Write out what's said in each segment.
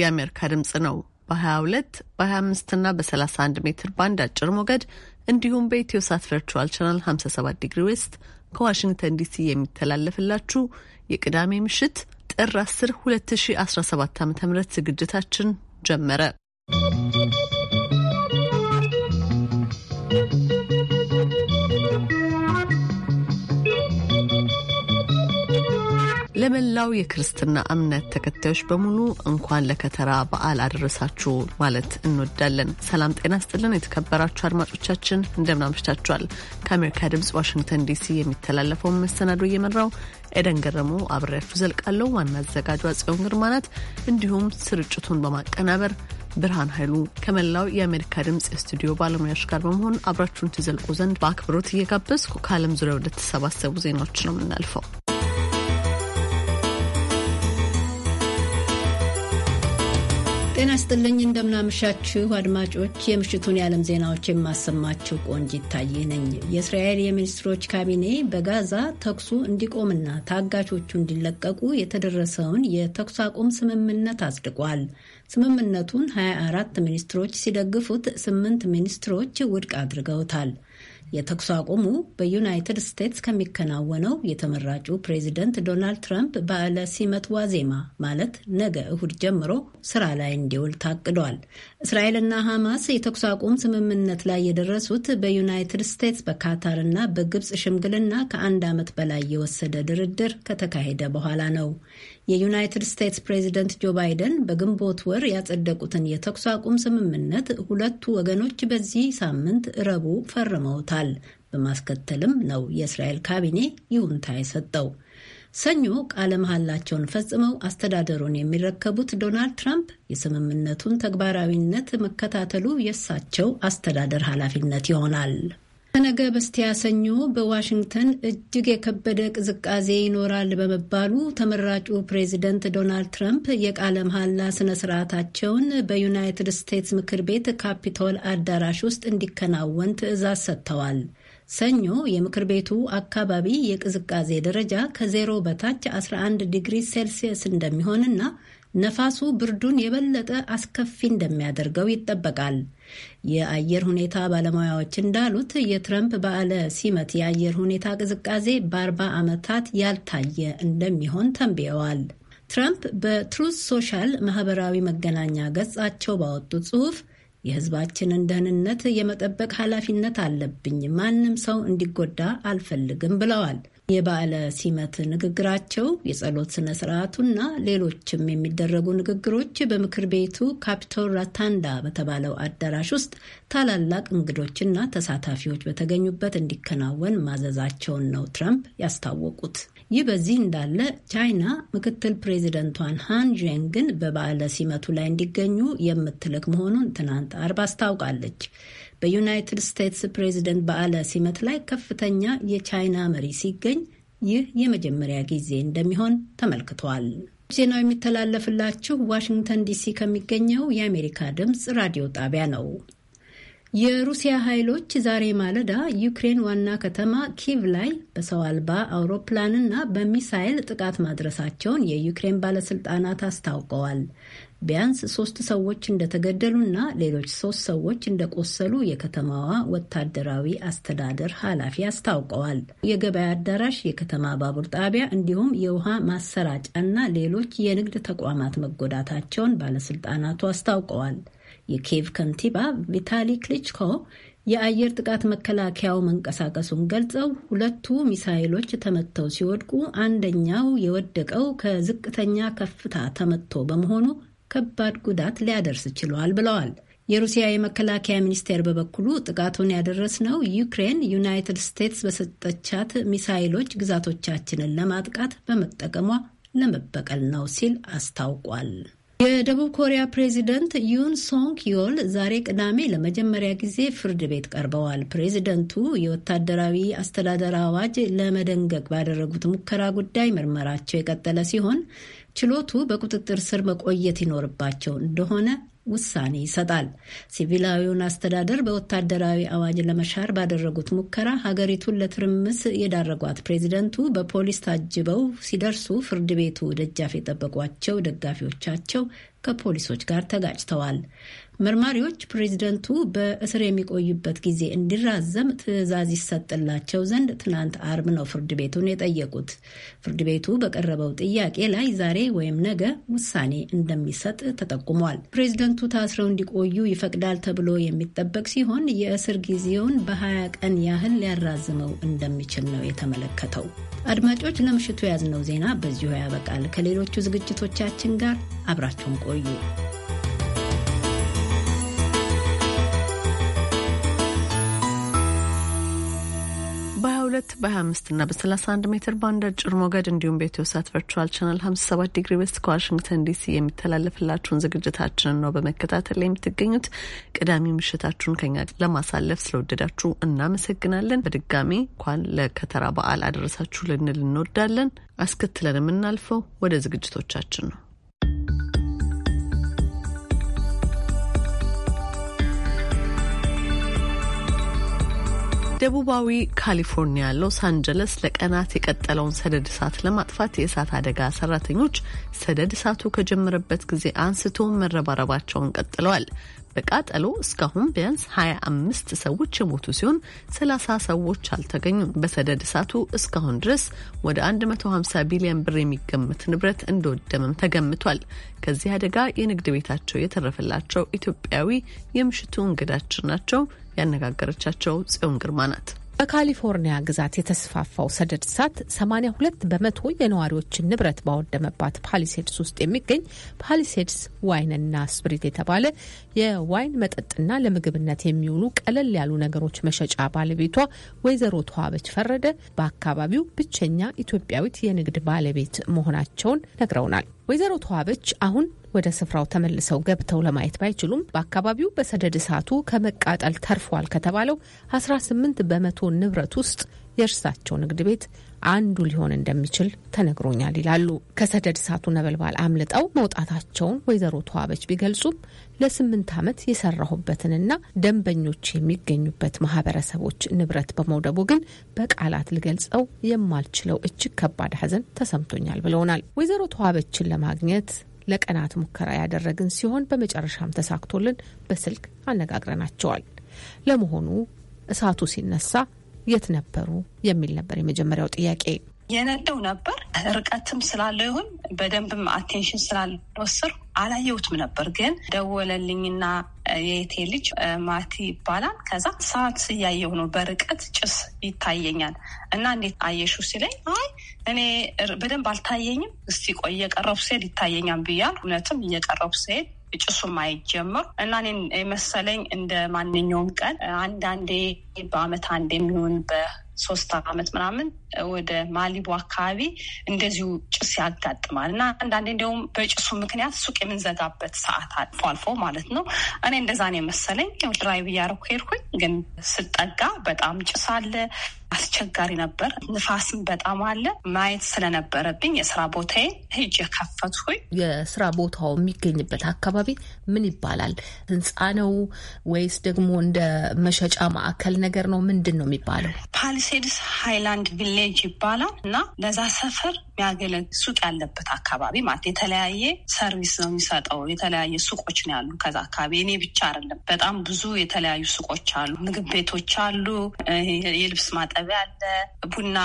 የአሜሪካ ድምጽ ነው። በ22 በ25 እና በ31 ሜትር ባንድ አጭር ሞገድ እንዲሁም ሳት ቨርቹዋል ቻናል 57 ዲግሪ ዌስት ከዋሽንግተን ዲሲ የሚተላለፍላችሁ የቅዳሜ ምሽት ጥር 10 2017 ዓ ም ዝግጅታችን ጀመረ። ለመላው የክርስትና እምነት ተከታዮች በሙሉ እንኳን ለከተራ በዓል አደረሳችሁ ማለት እንወዳለን። ሰላም ጤና ስጥልን። የተከበራችሁ አድማጮቻችን እንደምን አምሽታችኋል? ከአሜሪካ ድምጽ ዋሽንግተን ዲሲ የሚተላለፈውን መሰናዶ እየመራው ኤደን ገረሙ አብሬያችሁ ዘልቃለሁ። ዋና አዘጋጇ ጽዮን ግርማ ናት። እንዲሁም ስርጭቱን በማቀናበር ብርሃን ኃይሉ ከመላው የአሜሪካ ድምፅ የስቱዲዮ ባለሙያዎች ጋር በመሆን አብራችሁን ትዘልቁ ዘንድ በአክብሮት እየጋበዝኩ ከዓለም ዙሪያ ወደተሰባሰቡ ዜናዎች ነው የምናልፈው። ጤና ስጥልኝ እንደምናመሻችሁ አድማጮች፣ የምሽቱን የዓለም ዜናዎች የማሰማችሁ ቆንጅ ይታየ። ነኝ። የእስራኤል የሚኒስትሮች ካቢኔ በጋዛ ተኩሱ እንዲቆምና ታጋቾቹ እንዲለቀቁ የተደረሰውን የተኩስ አቁም ስምምነት አጽድቋል። ስምምነቱን 24 ሚኒስትሮች ሲደግፉት፣ ስምንት ሚኒስትሮች ውድቅ አድርገውታል። የተኩስ አቁሙ በዩናይትድ ስቴትስ ከሚከናወነው የተመራጩ ፕሬዚደንት ዶናልድ ትራምፕ በዓለ ሲመት ዋዜማ ማለት ነገ እሁድ ጀምሮ ስራ ላይ እንዲውል ታቅዷል። እስራኤልና ሐማስ የተኩስ አቁም ስምምነት ላይ የደረሱት በዩናይትድ ስቴትስ በካታርና በግብፅ ሽምግልና ከአንድ ዓመት በላይ የወሰደ ድርድር ከተካሄደ በኋላ ነው። የዩናይትድ ስቴትስ ፕሬዝደንት ጆ ባይደን በግንቦት ወር ያጸደቁትን የተኩስ አቁም ስምምነት ሁለቱ ወገኖች በዚህ ሳምንት ረቡዕ ፈርመውታል። በማስከተልም ነው የእስራኤል ካቢኔ ይሁንታ የሰጠው። ሰኞ ቃለ መሐላቸውን ፈጽመው አስተዳደሩን የሚረከቡት ዶናልድ ትራምፕ የስምምነቱን ተግባራዊነት መከታተሉ የእሳቸው አስተዳደር ኃላፊነት ይሆናል። ከነገ በስቲያ ሰኞ በዋሽንግተን እጅግ የከበደ ቅዝቃዜ ይኖራል በመባሉ ተመራጩ ፕሬዚደንት ዶናልድ ትራምፕ የቃለ መሐላ ስነ ስርዓታቸውን በዩናይትድ ስቴትስ ምክር ቤት ካፒቶል አዳራሽ ውስጥ እንዲከናወን ትዕዛዝ ሰጥተዋል። ሰኞ የምክር ቤቱ አካባቢ የቅዝቃዜ ደረጃ ከዜሮ በታች 11 ዲግሪ ሴልሲየስ እንደሚሆንና ነፋሱ ብርዱን የበለጠ አስከፊ እንደሚያደርገው ይጠበቃል። የአየር ሁኔታ ባለሙያዎች እንዳሉት የትረምፕ በዓለ ሲመት የአየር ሁኔታ ቅዝቃዜ በአርባ ዓመታት ያልታየ እንደሚሆን ተንብየዋል። ትረምፕ በትሩስ ሶሻል ማህበራዊ መገናኛ ገጻቸው ባወጡት ጽሑፍ የህዝባችንን ደህንነት የመጠበቅ ኃላፊነት አለብኝ፣ ማንም ሰው እንዲጎዳ አልፈልግም ብለዋል። የበዓለ ሲመት ንግግራቸው የጸሎት ስነ ስርዓቱና ሌሎችም የሚደረጉ ንግግሮች በምክር ቤቱ ካፒቶል ራታንዳ በተባለው አዳራሽ ውስጥ ታላላቅ እንግዶችና ተሳታፊዎች በተገኙበት እንዲከናወን ማዘዛቸውን ነው ትራምፕ ያስታወቁት። ይህ በዚህ እንዳለ ቻይና ምክትል ፕሬዚደንቷን ሃን ዥንግን በበዓለ ሲመቱ ላይ እንዲገኙ የምትልክ መሆኑን ትናንት አርብ አስታውቃለች። በዩናይትድ ስቴትስ ፕሬዚደንት በዓለ ሲመት ላይ ከፍተኛ የቻይና መሪ ሲገኝ ይህ የመጀመሪያ ጊዜ እንደሚሆን ተመልክቷል። ዜናው የሚተላለፍላችሁ ዋሽንግተን ዲሲ ከሚገኘው የአሜሪካ ድምፅ ራዲዮ ጣቢያ ነው። የሩሲያ ኃይሎች ዛሬ ማለዳ ዩክሬን ዋና ከተማ ኪቭ ላይ በሰው አልባ አውሮፕላንና በሚሳይል ጥቃት ማድረሳቸውን የዩክሬን ባለስልጣናት አስታውቀዋል። ቢያንስ ሶስት ሰዎች እንደተገደሉና ሌሎች ሶስት ሰዎች እንደቆሰሉ የከተማዋ ወታደራዊ አስተዳደር ኃላፊ አስታውቀዋል። የገበያ አዳራሽ፣ የከተማ ባቡር ጣቢያ እንዲሁም የውሃ ማሰራጫና ሌሎች የንግድ ተቋማት መጎዳታቸውን ባለስልጣናቱ አስታውቀዋል። የኬቭ ከንቲባ ቪታሊ ክሊችኮ የአየር ጥቃት መከላከያው መንቀሳቀሱን ገልጸው ሁለቱ ሚሳይሎች ተመተው ሲወድቁ አንደኛው የወደቀው ከዝቅተኛ ከፍታ ተመቶ በመሆኑ ከባድ ጉዳት ሊያደርስ ችሏል ብለዋል። የሩሲያ የመከላከያ ሚኒስቴር በበኩሉ ጥቃቱን ያደረስነው ዩክሬን ዩናይትድ ስቴትስ በሰጠቻት ሚሳይሎች ግዛቶቻችንን ለማጥቃት በመጠቀሟ ለመበቀል ነው ሲል አስታውቋል። የደቡብ ኮሪያ ፕሬዚደንት ዩን ሶንግ ዮል ዛሬ ቅዳሜ ለመጀመሪያ ጊዜ ፍርድ ቤት ቀርበዋል። ፕሬዚደንቱ የወታደራዊ አስተዳደር አዋጅ ለመደንገግ ባደረጉት ሙከራ ጉዳይ ምርመራቸው የቀጠለ ሲሆን ችሎቱ በቁጥጥር ስር መቆየት ይኖርባቸው እንደሆነ ውሳኔ ይሰጣል። ሲቪላዊውን አስተዳደር በወታደራዊ አዋጅ ለመሻር ባደረጉት ሙከራ ሀገሪቱን ለትርምስ የዳረጓት ፕሬዚደንቱ በፖሊስ ታጅበው ሲደርሱ ፍርድ ቤቱ ደጃፍ የጠበቋቸው ደጋፊዎቻቸው ከፖሊሶች ጋር ተጋጭተዋል። መርማሪዎች ፕሬዚደንቱ በእስር የሚቆዩበት ጊዜ እንዲራዘም ትዕዛዝ ይሰጥላቸው ዘንድ ትናንት አርብ ነው ፍርድ ቤቱን የጠየቁት። ፍርድ ቤቱ በቀረበው ጥያቄ ላይ ዛሬ ወይም ነገ ውሳኔ እንደሚሰጥ ተጠቁሟል። ፕሬዚደንቱ ታስረው እንዲቆዩ ይፈቅዳል ተብሎ የሚጠበቅ ሲሆን የእስር ጊዜውን በሀያ ቀን ያህል ሊያራዝመው እንደሚችል ነው የተመለከተው። አድማጮች፣ ለምሽቱ የያዝነው ዜና በዚሁ ያበቃል። ከሌሎቹ ዝግጅቶቻችን ጋር አብራችሁን ቆዩ። በ በ25 እና በ31 ሜትር ባንድ አጭር ሞገድ እንዲሁም በኢትዮሳት ቨርቹዋል ቻናል 57 ዲግሪ ዌስት ከዋሽንግተን ዲሲ የሚተላለፍላችሁን ዝግጅታችንን ነው በመከታተል ላይ የምትገኙት። ቅዳሜ ምሽታችሁን ከኛ ለማሳለፍ ስለወደዳችሁ እናመሰግናለን። በድጋሚ እንኳን ለከተራ በዓል አደረሳችሁ ልንል እንወዳለን። አስከትለን የምናልፈው ወደ ዝግጅቶቻችን ነው። በደቡባዊ ካሊፎርኒያ ሎስ አንጀለስ ለቀናት የቀጠለውን ሰደድ እሳት ለማጥፋት የእሳት አደጋ ሰራተኞች ሰደድ እሳቱ ከጀመረበት ጊዜ አንስቶ መረባረባቸውን ቀጥለዋል። በቃጠሎ እስካሁን ቢያንስ 25 ሰዎች የሞቱ ሲሆን 30 ሰዎች አልተገኙም። በሰደድ እሳቱ እስካሁን ድረስ ወደ 150 ቢሊዮን ብር የሚገመት ንብረት እንደወደመም ተገምቷል። ከዚህ አደጋ የንግድ ቤታቸው የተረፈላቸው ኢትዮጵያዊ የምሽቱ እንግዳችን ናቸው። ያነጋገረቻቸው ጽዮን ግርማ ናት። በካሊፎርኒያ ግዛት የተስፋፋው ሰደድ እሳት 82 በመቶ የነዋሪዎችን ንብረት ባወደመባት ፓሊሴድስ ውስጥ የሚገኝ ፓሊሴድስ ዋይንና ስፕሪት የተባለ የዋይን መጠጥና ለምግብነት የሚውሉ ቀለል ያሉ ነገሮች መሸጫ ባለቤቷ ወይዘሮ ተዋበች ፈረደ በአካባቢው ብቸኛ ኢትዮጵያዊት የንግድ ባለቤት መሆናቸውን ነግረውናል። ወይዘሮ ተዋበች አሁን ወደ ስፍራው ተመልሰው ገብተው ለማየት ባይችሉም በአካባቢው በሰደድ እሳቱ ከመቃጠል ተርፏል ከተባለው 18 በመቶ ንብረት ውስጥ የእርሳቸው ንግድ ቤት አንዱ ሊሆን እንደሚችል ተነግሮኛል ይላሉ። ከሰደድ እሳቱ ነበልባል አምልጠው መውጣታቸውን ወይዘሮ ተዋበች ቢገልጹም ለስምንት ዓመት የሰራሁበትንና ደንበኞች የሚገኙበት ማህበረሰቦች ንብረት በመውደቡ ግን በቃላት ልገልጸው የማልችለው እጅግ ከባድ ሐዘን ተሰምቶኛል ብለውናል። ወይዘሮ ተዋበችን ለማግኘት ለቀናት ሙከራ ያደረግን ሲሆን በመጨረሻም ተሳክቶልን በስልክ አነጋግረናቸዋል። ለመሆኑ እሳቱ ሲነሳ የት ነበሩ የሚል ነበር የመጀመሪያው ጥያቄ። የነደው ነበር። ርቀትም ስላለው ይሁን በደንብም አቴንሽን ስላልወስር አላየሁትም ነበር። ግን ደወለልኝና የቴ ልጅ ማቲ ይባላል። ከዛ ሰዓት ስያየው ነው በርቀት ጭስ ይታየኛል እና እንዴት አየሹ ሲለኝ አይ እኔ በደንብ አልታየኝም። እስቲ ቆይ እየቀረቡ ስሄድ ይታየኛም ብያል። እውነትም እየቀረቡ ስሄድ ጭሱም አይጀምር እና እኔን የመሰለኝ እንደ ማንኛውም ቀን አንዳንዴ በአመት አንድ የሚሆን በሶስት አመት ምናምን ወደ ማሊቡ አካባቢ እንደዚሁ ጭስ ያጋጥማል እና አንዳንዴ እንዲሁም በጭሱ ምክንያት ሱቅ የምንዘጋበት ሰዓት አልፎ አልፎ ማለት ነው። እኔ እንደዛ ነው የመሰለኝ። ድራይቭ እያደረኩ ሄድኩኝ፣ ግን ስጠጋ በጣም ጭስ አለ። አስቸጋሪ ነበር። ንፋስም በጣም አለ። ማየት ስለነበረብኝ የስራ ቦታዬ ሄጅ የከፈትኩኝ። የስራ ቦታው የሚገኝበት አካባቢ ምን ይባላል? ህንፃ ነው ወይስ ደግሞ እንደ መሸጫ ማዕከል ነገር ነው? ምንድን ነው የሚባለው? ፓሊሴድስ ሃይላንድ ቪሌ ቪሌጅ ይባላል እና ለዛ ሰፈር የሚያገለግ ሱቅ ያለበት አካባቢ ማለት የተለያየ ሰርቪስ ነው የሚሰጠው። የተለያየ ሱቆች ነው ያሉ ከዛ አካባቢ እኔ ብቻ አይደለም፣ በጣም ብዙ የተለያዩ ሱቆች አሉ፣ ምግብ ቤቶች አሉ፣ የልብስ ማጠቢያ አለ፣ ቡና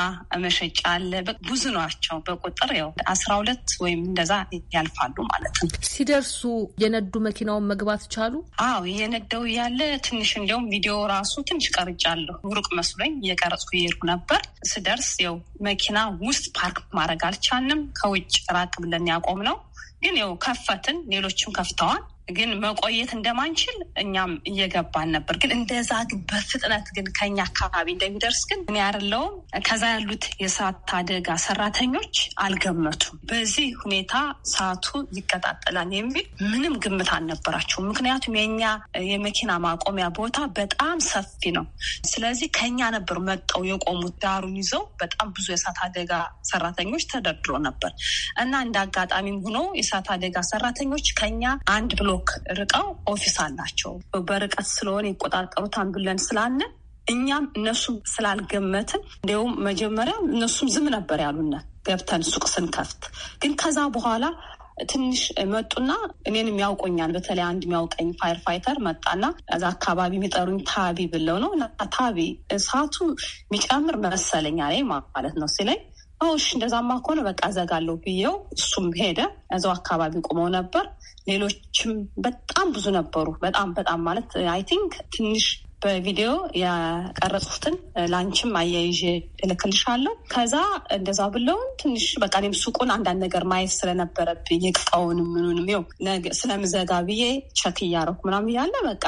መሸጫ አለ። ብዙ ናቸው በቁጥር ያው አስራ ሁለት ወይም እንደዛ ያልፋሉ ማለት ነው። ሲደርሱ የነዱ መኪናውን መግባት ቻሉ? አዎ እየነዳው ያለ ትንሽ እንዲያውም ቪዲዮ ራሱ ትንሽ ቀርጫለሁ ሩቅ መስሎኝ እየቀረጽኩ እየሄድኩ ነበር። ስደርስ ው መኪና ውስጥ ፓርክ ማድረግ አልቻንም። ከውጭ ራቅ ብለን ያቆም ነው ግን ው ከፈትን፣ ሌሎችም ከፍተዋል። ግን መቆየት እንደማንችል እኛም እየገባን ነበር። ግን እንደዛ ግን በፍጥነት ግን ከኛ አካባቢ እንደሚደርስ ግን እኔ አይደለሁም። ከዛ ያሉት የእሳት አደጋ ሰራተኞች አልገመቱም። በዚህ ሁኔታ እሳቱ ይቀጣጠላል የሚል ምንም ግምት አልነበራቸው ምክንያቱም የኛ የመኪና ማቆሚያ ቦታ በጣም ሰፊ ነው። ስለዚህ ከኛ ነበር መጠው የቆሙት ዳሩን ይዘው በጣም ብዙ የእሳት አደጋ ሰራተኞች ተደርድሮ ነበር እና እንደ አጋጣሚም ሆኖ የእሳት አደጋ ሰራተኞች ከኛ አንድ ብሎ ብሎክ ርቀው ኦፊስ አላቸው። በርቀት ስለሆነ ይቆጣጠሩት አንዱ ስላለ እኛም እነሱም ስላልገመትን እንዲሁም መጀመሪያ እነሱም ዝም ነበር ያሉነ ገብተን ሱቅ ስንከፍት ግን ከዛ በኋላ ትንሽ መጡና እኔን የሚያውቆኛል በተለይ አንድ የሚያውቀኝ ፋየር ፋይተር መጣና እዛ አካባቢ የሚጠሩኝ ታቢ ብለው ነው ታቢ እሳቱ የሚጨምር መሰለኛ ላይ ማለት ነው ሲለኝ እሺ እንደዛማ ከሆነ በቃ ዘጋለሁ ብዬው እሱም ሄደ። እዛው አካባቢ ቁመው ነበር ሌሎችም በጣም ብዙ ነበሩ። በጣም በጣም ማለት አይ ቲንክ ትንሽ በቪዲዮ ያቀረጽኩትን ላንችም አያይዤ እልክልሻለሁ። ከዛ እንደዛ ብለውን ትንሽ በቃ እኔም ሱቁን አንዳንድ ነገር ማየት ስለነበረብኝ የቅጣውንም ምኑንም ው ስለምዘጋ ብዬ ቸክ እያረኩ ምናምን እያለ በቃ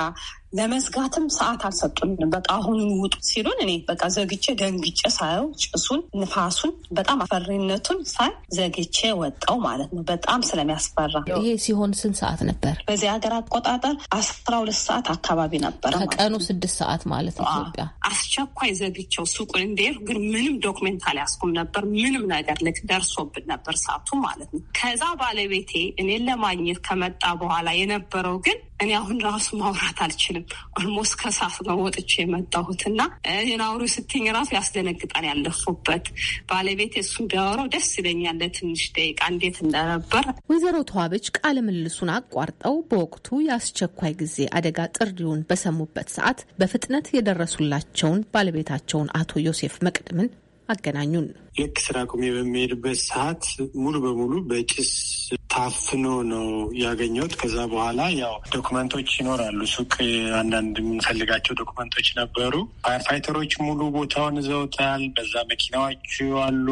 ለመዝጋትም ሰዓት አልሰጡን። በቃ አሁኑን ውጡ ሲሉን እኔ በቃ ዘግቼ ደንግጬ ሳየው ጭሱን፣ ንፋሱን፣ በጣም አፈሪነቱን ሳይ ዘግቼ ወጣው ማለት ነው። በጣም ስለሚያስፈራ። ይሄ ሲሆን ስንት ሰዓት ነበር? በዚህ ሀገር አቆጣጠር አስራ ሁለት ሰዓት አካባቢ ነበረ። ከቀኑ ስድስት ሰዓት ማለት ነው ኢትዮጵያ። አስቸኳይ ዘግቼው ሱቁን እንዴር ግን ምንም ዶክሜንት አልያዝኩም ነበር። ምንም ነገር ልክ ደርሶብን ነበር ሰዓቱ ማለት ነው። ከዛ ባለቤቴ እኔን ለማግኘት ከመጣ በኋላ የነበረው ግን እኔ አሁን ራሱ ማውራት አልችልም። ኦልሞስት ከሳት ነው ወጥቼ የመጣሁት እና እኔን ስትኝ ራሱ ያስደነግጣል። ያለፉበት ባለቤት እሱን ቢያወራው ደስ ይለኛል። ለትንሽ ደቂቃ እንዴት እንደነበር ወይዘሮ ተዋበች ቃለ ምልልሱን አቋርጠው በወቅቱ የአስቸኳይ ጊዜ አደጋ ጥሪውን በሰሙበት ሰዓት በፍጥነት የደረሱላቸውን ባለቤታቸውን አቶ ዮሴፍ መቅድምን አገናኙን። ልክ ስራ ቁሜ በሚሄድበት ሰዓት ሙሉ በሙሉ በጭስ ታፍኖ ነው ያገኘሁት። ከዛ በኋላ ያው ዶክመንቶች ይኖራሉ፣ ሱቅ አንዳንድ የምንፈልጋቸው ዶክመንቶች ነበሩ። ፋይርፋይተሮች ሙሉ ቦታውን ይዘውታል። በዛ መኪናዎች አሉ።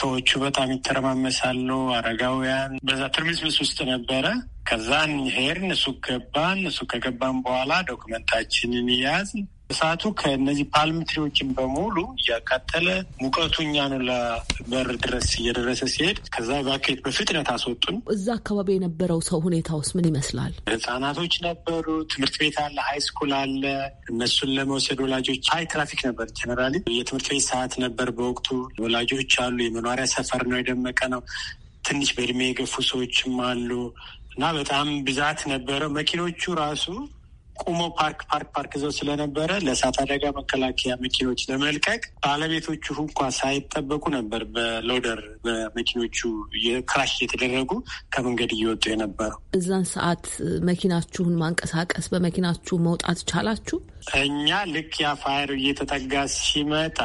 ሰዎቹ በጣም ይተረማመሳሉ። አረጋውያን በዛ ትርምስምስ ውስጥ ነበረ። ከዛን ሄድን፣ ሱቅ ገባን። ሱቅ ከገባን በኋላ ዶክመንታችንን ያዝ እሳቱ ከእነዚህ ፓልም ትሪዎችን በሙሉ እያቃጠለ ሙቀቱ እኛን ለበር ድረስ እየደረሰ ሲሄድ ከዛ ባኬት በፍጥነት አስወጡን። እዛ አካባቢ የነበረው ሰው ሁኔታ ውስጥ ምን ይመስላል? ህጻናቶች ነበሩ፣ ትምህርት ቤት አለ፣ ሀይ ስኩል አለ። እነሱን ለመውሰድ ወላጆች ሀይ ትራፊክ ነበር። ጀነራሊ የትምህርት ቤት ሰዓት ነበር በወቅቱ። ወላጆች አሉ። የመኖሪያ ሰፈር ነው፣ የደመቀ ነው። ትንሽ በእድሜ የገፉ ሰዎችም አሉ እና በጣም ብዛት ነበረው መኪኖቹ ራሱ ቁመው ፓርክ ፓርክ ፓርክ ይዘው ስለነበረ ለእሳት አደጋ መከላከያ መኪኖች ለመልቀቅ ባለቤቶቹ እንኳ ሳይጠበቁ ነበር በሎደር በመኪኖቹ ክራሽ የተደረጉ ከመንገድ እየወጡ የነበረው። እዛን ሰዓት መኪናችሁን ማንቀሳቀስ በመኪናችሁ መውጣት ቻላችሁ? እኛ ልክ ያ ፋየር እየተጠጋ ሲመጣ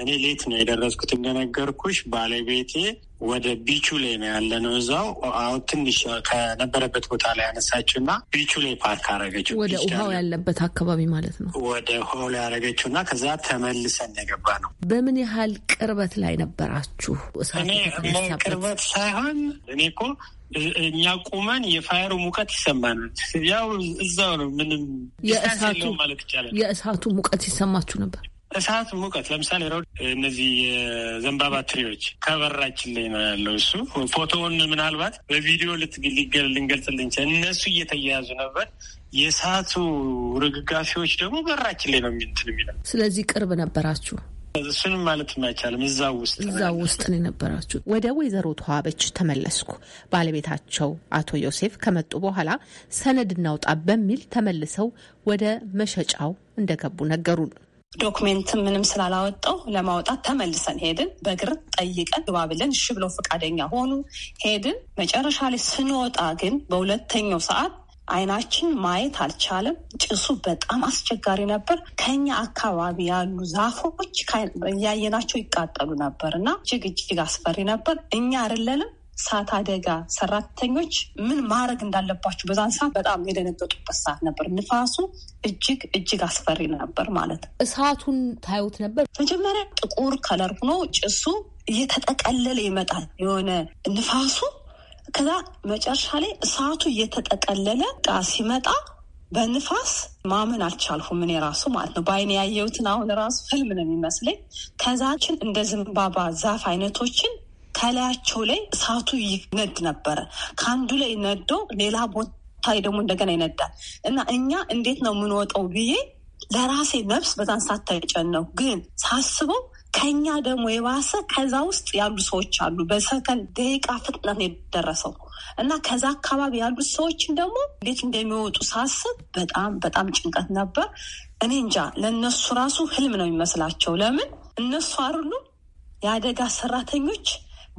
እኔ ሌት ነው የደረስኩት እንደነገርኩሽ። ባለቤቴ ወደ ቢቹ ላይ ነው ያለ ነው እዛው አሁን ትንሽ ከነበረበት ቦታ ላይ ያነሳችው እና ቢቹ ላይ ፓርክ አረገችው፣ ወደ ውሃው ያለበት አካባቢ ማለት ነው። ወደ ውሃው ላይ ያረገችው እና ከዛ ተመልሰን የገባ ነው። በምን ያህል ቅርበት ላይ ነበራችሁ? እኔ ቅርበት ሳይሆን እኔ እኮ እኛ ቁመን የፋየሩ ሙቀት ይሰማናል። ያው እዛው ነው ምንም ማለት ይቻላል። የእሳቱ ሙቀት ይሰማችሁ ነበር? እሳት ሙቀት፣ ለምሳሌ ረው እነዚህ የዘንባባ ትሪዎች ከበራችን ላይ ነው ያለው። እሱ ፎቶውን ምናልባት በቪዲዮ ልንገልጽልን እነሱ እየተያያዙ ነበር። የእሳቱ ርግጋፊዎች ደግሞ በራችን ላይ ነው እንትን የሚለው። ስለዚህ ቅርብ ነበራችሁ። እሱንም ማለት አይቻልም። እዛ ውስጥ እዛ ውስጥ ነው የነበራችሁ። ወደ ወይዘሮ ተዋበች ተመለስኩ። ባለቤታቸው አቶ ዮሴፍ ከመጡ በኋላ ሰነድ እናውጣ በሚል ተመልሰው ወደ መሸጫው እንደገቡ ነገሩን። ዶክሜንትም ምንም ስላላወጣው ለማውጣት ተመልሰን ሄድን። በእግር ጠይቀን ግባ ብለን እሺ ብለው ፈቃደኛ ሆኑ። ሄድን። መጨረሻ ላይ ስንወጣ ግን በሁለተኛው ሰዓት አይናችን ማየት አልቻለም። ጭሱ በጣም አስቸጋሪ ነበር። ከኛ አካባቢ ያሉ ዛፎች እያየናቸው ይቃጠሉ ነበር እና እጅግ እጅግ አስፈሪ ነበር። እኛ አይደለንም ሰዓት አደጋ ሰራተኞች ምን ማድረግ እንዳለባቸው በዛን ሰዓት በጣም የደነገጡበት ሰዓት ነበር። ንፋሱ እጅግ እጅግ አስፈሪ ነበር ማለት ነው። እሳቱን ታዩት ነበር። መጀመሪያ ጥቁር ከለር ሆኖ ጭሱ እየተጠቀለለ ይመጣል የሆነ ንፋሱ። ከዛ መጨረሻ ላይ እሳቱ እየተጠቀለለ ጣ ሲመጣ በንፋስ ማመን አልቻልሁም። ምን ራሱ ማለት ነው በአይን ያየሁትን አሁን ራሱ ህልም ነው የሚመስለኝ። ከዛችን እንደ ዘንባባ ዛፍ አይነቶችን ከላያቸው ላይ እሳቱ ይነድ ነበረ። ከአንዱ ላይ ነዶ ሌላ ቦታ ደግሞ እንደገና ይነዳል እና እኛ እንዴት ነው የምንወጣው ብዬ ለራሴ ነፍስ በጣም ነው ግን ሳስበው ከኛ ደግሞ የባሰ ከዛ ውስጥ ያሉ ሰዎች አሉ። በሰከን ደቂቃ ፍጥነት የደረሰው እና ከዛ አካባቢ ያሉት ሰዎችን ደግሞ እንዴት እንደሚወጡ ሳስብ በጣም በጣም ጭንቀት ነበር። እኔ እንጃ ለእነሱ ራሱ ህልም ነው የሚመስላቸው። ለምን እነሱ አርሉ የአደጋ ሰራተኞች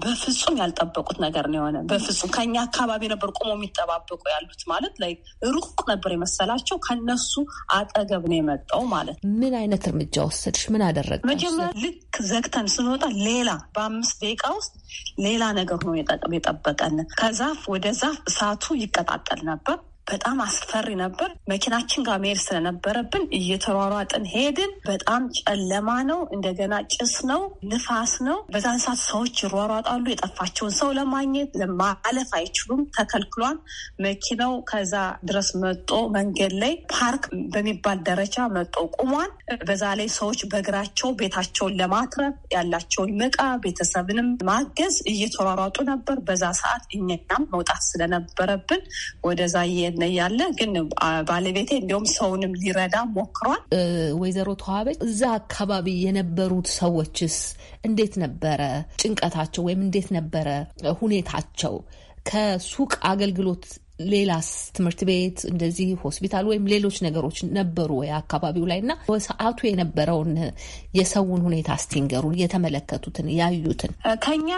በፍጹም ያልጠበቁት ነገር ነው የሆነ። በፍጹም ከኛ አካባቢ ነበር ቆሞ የሚጠባበቁ ያሉት ማለት ላይ ሩቅ ነበር የመሰላቸው ከነሱ አጠገብ ነው የመጣው ማለት ምን አይነት እርምጃ ወሰድሽ? ምን አደረግ? መጀመሪያ ልክ ዘግተን ስንወጣ ሌላ በአምስት ደቂቃ ውስጥ ሌላ ነገር ነው የጠበቀን። ከዛፍ ወደ ዛፍ እሳቱ ይቀጣጠል ነበር። በጣም አስፈሪ ነበር። መኪናችን ጋር መሄድ ስለነበረብን እየተሯሯጥን ሄድን። በጣም ጨለማ ነው። እንደገና ጭስ ነው፣ ንፋስ ነው። በዛን ሰዓት ሰዎች ይሯሯጣሉ። የጠፋቸውን ሰው ለማግኘት ለማለፍ አይችሉም፣ ተከልክሏል። መኪናው ከዛ ድረስ መጦ መንገድ ላይ ፓርክ በሚባል ደረጃ መጦ ቁሟል። በዛ ላይ ሰዎች በእግራቸው ቤታቸውን ለማትረፍ ያላቸውን መቃ ቤተሰብንም ማገዝ እየተሯሯጡ ነበር። በዛ ሰዓት እኛም መውጣት ስለነበረብን ወደዛ መንገድ ላይ ያለ ግን ባለቤቴ እንዲሁም ሰውንም ሊረዳ ሞክሯል። ወይዘሮ ተዋበች እዛ አካባቢ የነበሩት ሰዎችስ እንዴት ነበረ ጭንቀታቸው ወይም እንዴት ነበረ ሁኔታቸው? ከሱቅ አገልግሎት ሌላስ ትምህርት ቤት እንደዚህ ሆስፒታል ወይም ሌሎች ነገሮች ነበሩ ወይ አካባቢው ላይ? እና በሰዓቱ የነበረውን የሰውን ሁኔታ አስቲንገሩን የተመለከቱትን ያዩትን ከኛ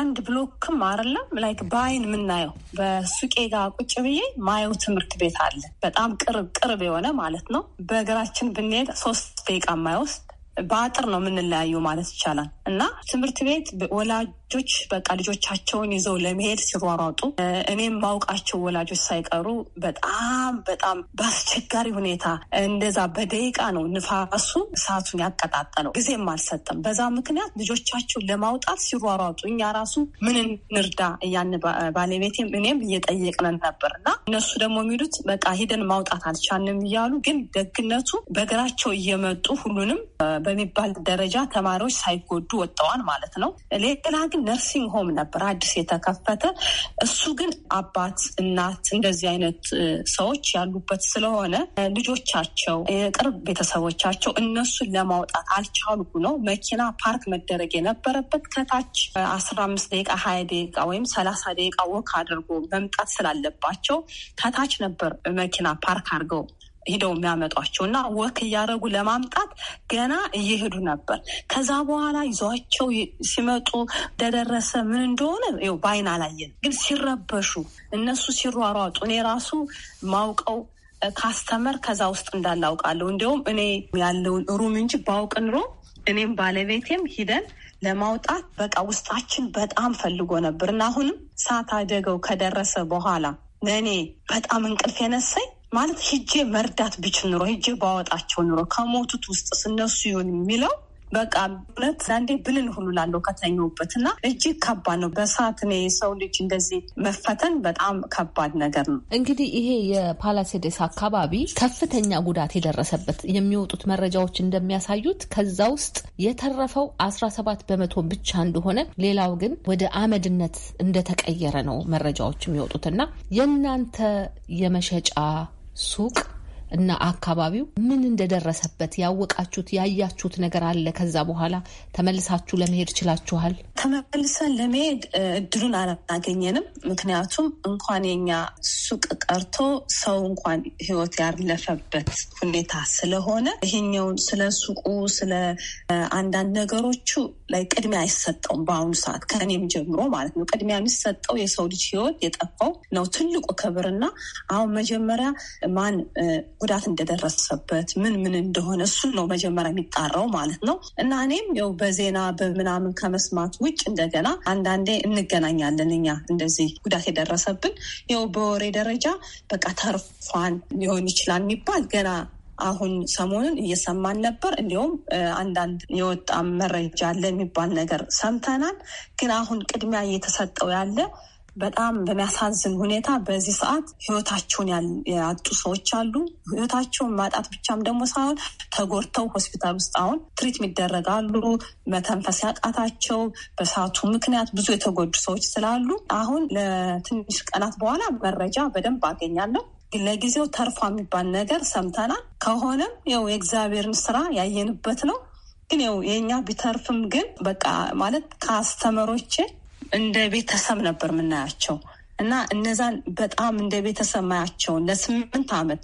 አንድ ብሎክም አይደለም ላይክ በአይን የምናየው በሱቄ ጋር ቁጭ ብዬ ማየው ትምህርት ቤት አለ። በጣም ቅርብ ቅርብ የሆነ ማለት ነው። በእግራችን ብንሄድ ሶስት ደቂቃ የማይወስድ በአጥር ነው የምንለያየው ማለት ይቻላል እና ትምህርት ቤት ወላጆች በቃ ልጆቻቸውን ይዘው ለመሄድ ሲሯሯጡ እኔም ማውቃቸው ወላጆች ሳይቀሩ በጣም በጣም በአስቸጋሪ ሁኔታ እንደዛ በደቂቃ ነው ንፋሱ እሳቱን ያቀጣጠለው። ጊዜም አልሰጠም። በዛ ምክንያት ልጆቻቸውን ለማውጣት ሲሯሯጡ እኛ ራሱ ምን እንርዳ እያን ባለቤቴም እኔም እየጠየቅነን ነበር እና እነሱ ደግሞ የሚሉት በቃ ሂደን ማውጣት አልቻንም እያሉ ግን ደግነቱ በእግራቸው እየመጡ ሁሉንም በሚባል ደረጃ ተማሪዎች ሳይጎዱ ወጥተዋል ማለት ነው። ሌላ ግን ነርሲንግ ሆም ነበር አዲስ የተከፈተ። እሱ ግን አባት፣ እናት እንደዚህ አይነት ሰዎች ያሉበት ስለሆነ ልጆቻቸው፣ የቅርብ ቤተሰቦቻቸው እነሱን ለማውጣት አልቻሉ ነው። መኪና ፓርክ መደረግ የነበረበት ከታች አስራ አምስት ደቂቃ ሀያ ደቂቃ ወይም ሰላሳ ደቂቃ ወክ አድርጎ መምጣት ስላለባቸው ከታች ነበር መኪና ፓርክ አድርገው ሂደው የሚያመጧቸው እና ወክ እያደረጉ ለማምጣት ገና እየሄዱ ነበር። ከዛ በኋላ ይዟቸው ሲመጡ እንደደረሰ ምን እንደሆነ ው በዓይን አላየን፣ ግን ሲረበሹ እነሱ ሲሯሯጡ እኔ ራሱ ማውቀው ካስተመር ከዛ ውስጥ እንዳላውቃለሁ። እንዲሁም እኔ ያለውን ሩም እንጂ ባውቅ ኑሮ እኔም ባለቤቴም ሂደን ለማውጣት በቃ ውስጣችን በጣም ፈልጎ ነበር እና አሁንም ሳት አደገው ከደረሰ በኋላ ለእኔ በጣም እንቅልፍ የነሳኝ ማለት ሂጄ መርዳት ብችል ኑሮ ሂጄ ባወጣቸው ኑሮ ከሞቱት ውስጥ ስነሱ ይሁን የሚለው በቃ እውነት ዛንዴ ብልን ሁሉ ላለው ከተኘውበት እና እጅግ ከባድ ነው። በሰዓት እኔ የሰው ልጅ እንደዚህ መፈተን በጣም ከባድ ነገር ነው። እንግዲህ ይሄ የፓላሴዴስ አካባቢ ከፍተኛ ጉዳት የደረሰበት የሚወጡት መረጃዎች እንደሚያሳዩት ከዛ ውስጥ የተረፈው አስራ ሰባት በመቶ ብቻ እንደሆነ፣ ሌላው ግን ወደ አመድነት እንደተቀየረ ነው መረጃዎች የሚወጡት እና የእናንተ የመሸጫ ሱቅ እና አካባቢው ምን እንደደረሰበት ያወቃችሁት ያያችሁት ነገር አለ? ከዛ በኋላ ተመልሳችሁ ለመሄድ ችላችኋል? ተመልሰን ለመሄድ እድሉን አላገኘንም። ምክንያቱም እንኳን የኛ ሱቅ ቀርቶ ሰው እንኳን ህይወት ያለፈበት ሁኔታ ስለሆነ ይሄኛውን ስለ ሱቁ ስለ አንዳንድ ነገሮቹ ላይ ቅድሚያ አይሰጠውም። በአሁኑ ሰዓት ከእኔም ጀምሮ ማለት ነው ቅድሚያ የሚሰጠው የሰው ልጅ ህይወት የጠፋው ነው ትልቁ ክብርና አሁን መጀመሪያ ማን ጉዳት እንደደረሰበት ምን ምን እንደሆነ እሱ ነው መጀመሪያ የሚጣራው ማለት ነው። እና እኔም ያው በዜና በምናምን ከመስማት ውጭ እንደገና አንዳንዴ እንገናኛለን እኛ እንደዚህ ጉዳት የደረሰብን ያው በወሬ ደረጃ በቃ ተርፏን ሊሆን ይችላል የሚባል ገና አሁን ሰሞኑን እየሰማን ነበር። እንዲሁም አንዳንድ የወጣ መረጃ አለ የሚባል ነገር ሰምተናል። ግን አሁን ቅድሚያ እየተሰጠው ያለ በጣም በሚያሳዝን ሁኔታ በዚህ ሰዓት ህይወታቸውን ያጡ ሰዎች አሉ። ህይወታቸውን ማጣት ብቻም ደግሞ ሳይሆን ተጎድተው ሆስፒታል ውስጥ አሁን ትሪት ይደረጋሉ። መተንፈስ ያቃታቸው በሰዓቱ ምክንያት ብዙ የተጎዱ ሰዎች ስላሉ አሁን ለትንሽ ቀናት በኋላ መረጃ በደንብ አገኛለሁ። ለጊዜው ተርፏ የሚባል ነገር ሰምተናል። ከሆነም ያው የእግዚአብሔርን ስራ ያየንበት ነው። ግን ያው የእኛ ቢተርፍም ግን በቃ ማለት ከአስተመሮቼ እንደ ቤተሰብ ነበር የምናያቸው እና እነዛን በጣም እንደ ቤተሰብ ማያቸውን ለስምንት ዓመት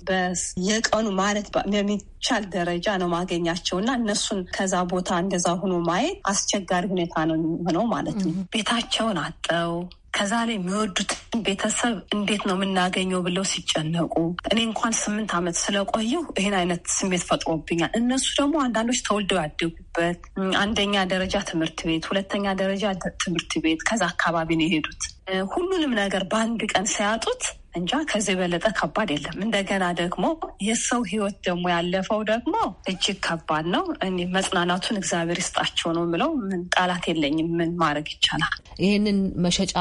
የቀኑ ማለት በሚቻል ደረጃ ነው ማገኛቸው እና እነሱን ከዛ ቦታ እንደዛ ሆኖ ማየት አስቸጋሪ ሁኔታ ነው የሚሆነው ማለት ነው። ቤታቸውን አጠው ከዛሬ የሚወዱትን ቤተሰብ እንዴት ነው የምናገኘው ብለው ሲጨነቁ እኔ እንኳን ስምንት ዓመት ስለቆየው ይህን አይነት ስሜት ፈጥሮብኛል። እነሱ ደግሞ አንዳንዶች ተወልደው ያደጉበት አንደኛ ደረጃ ትምህርት ቤት፣ ሁለተኛ ደረጃ ትምህርት ቤት ከዛ አካባቢ ነው የሄዱት። ሁሉንም ነገር በአንድ ቀን ሲያጡት እንጃ ከዚህ የበለጠ ከባድ የለም። እንደገና ደግሞ የሰው ህይወት ደግሞ ያለፈው ደግሞ እጅግ ከባድ ነው። እኔ መጽናናቱን እግዚአብሔር ይስጣቸው ነው ምለው። ምን ቃላት የለኝም። ምን ማድረግ ይቻላል? ይህንን መሸጫ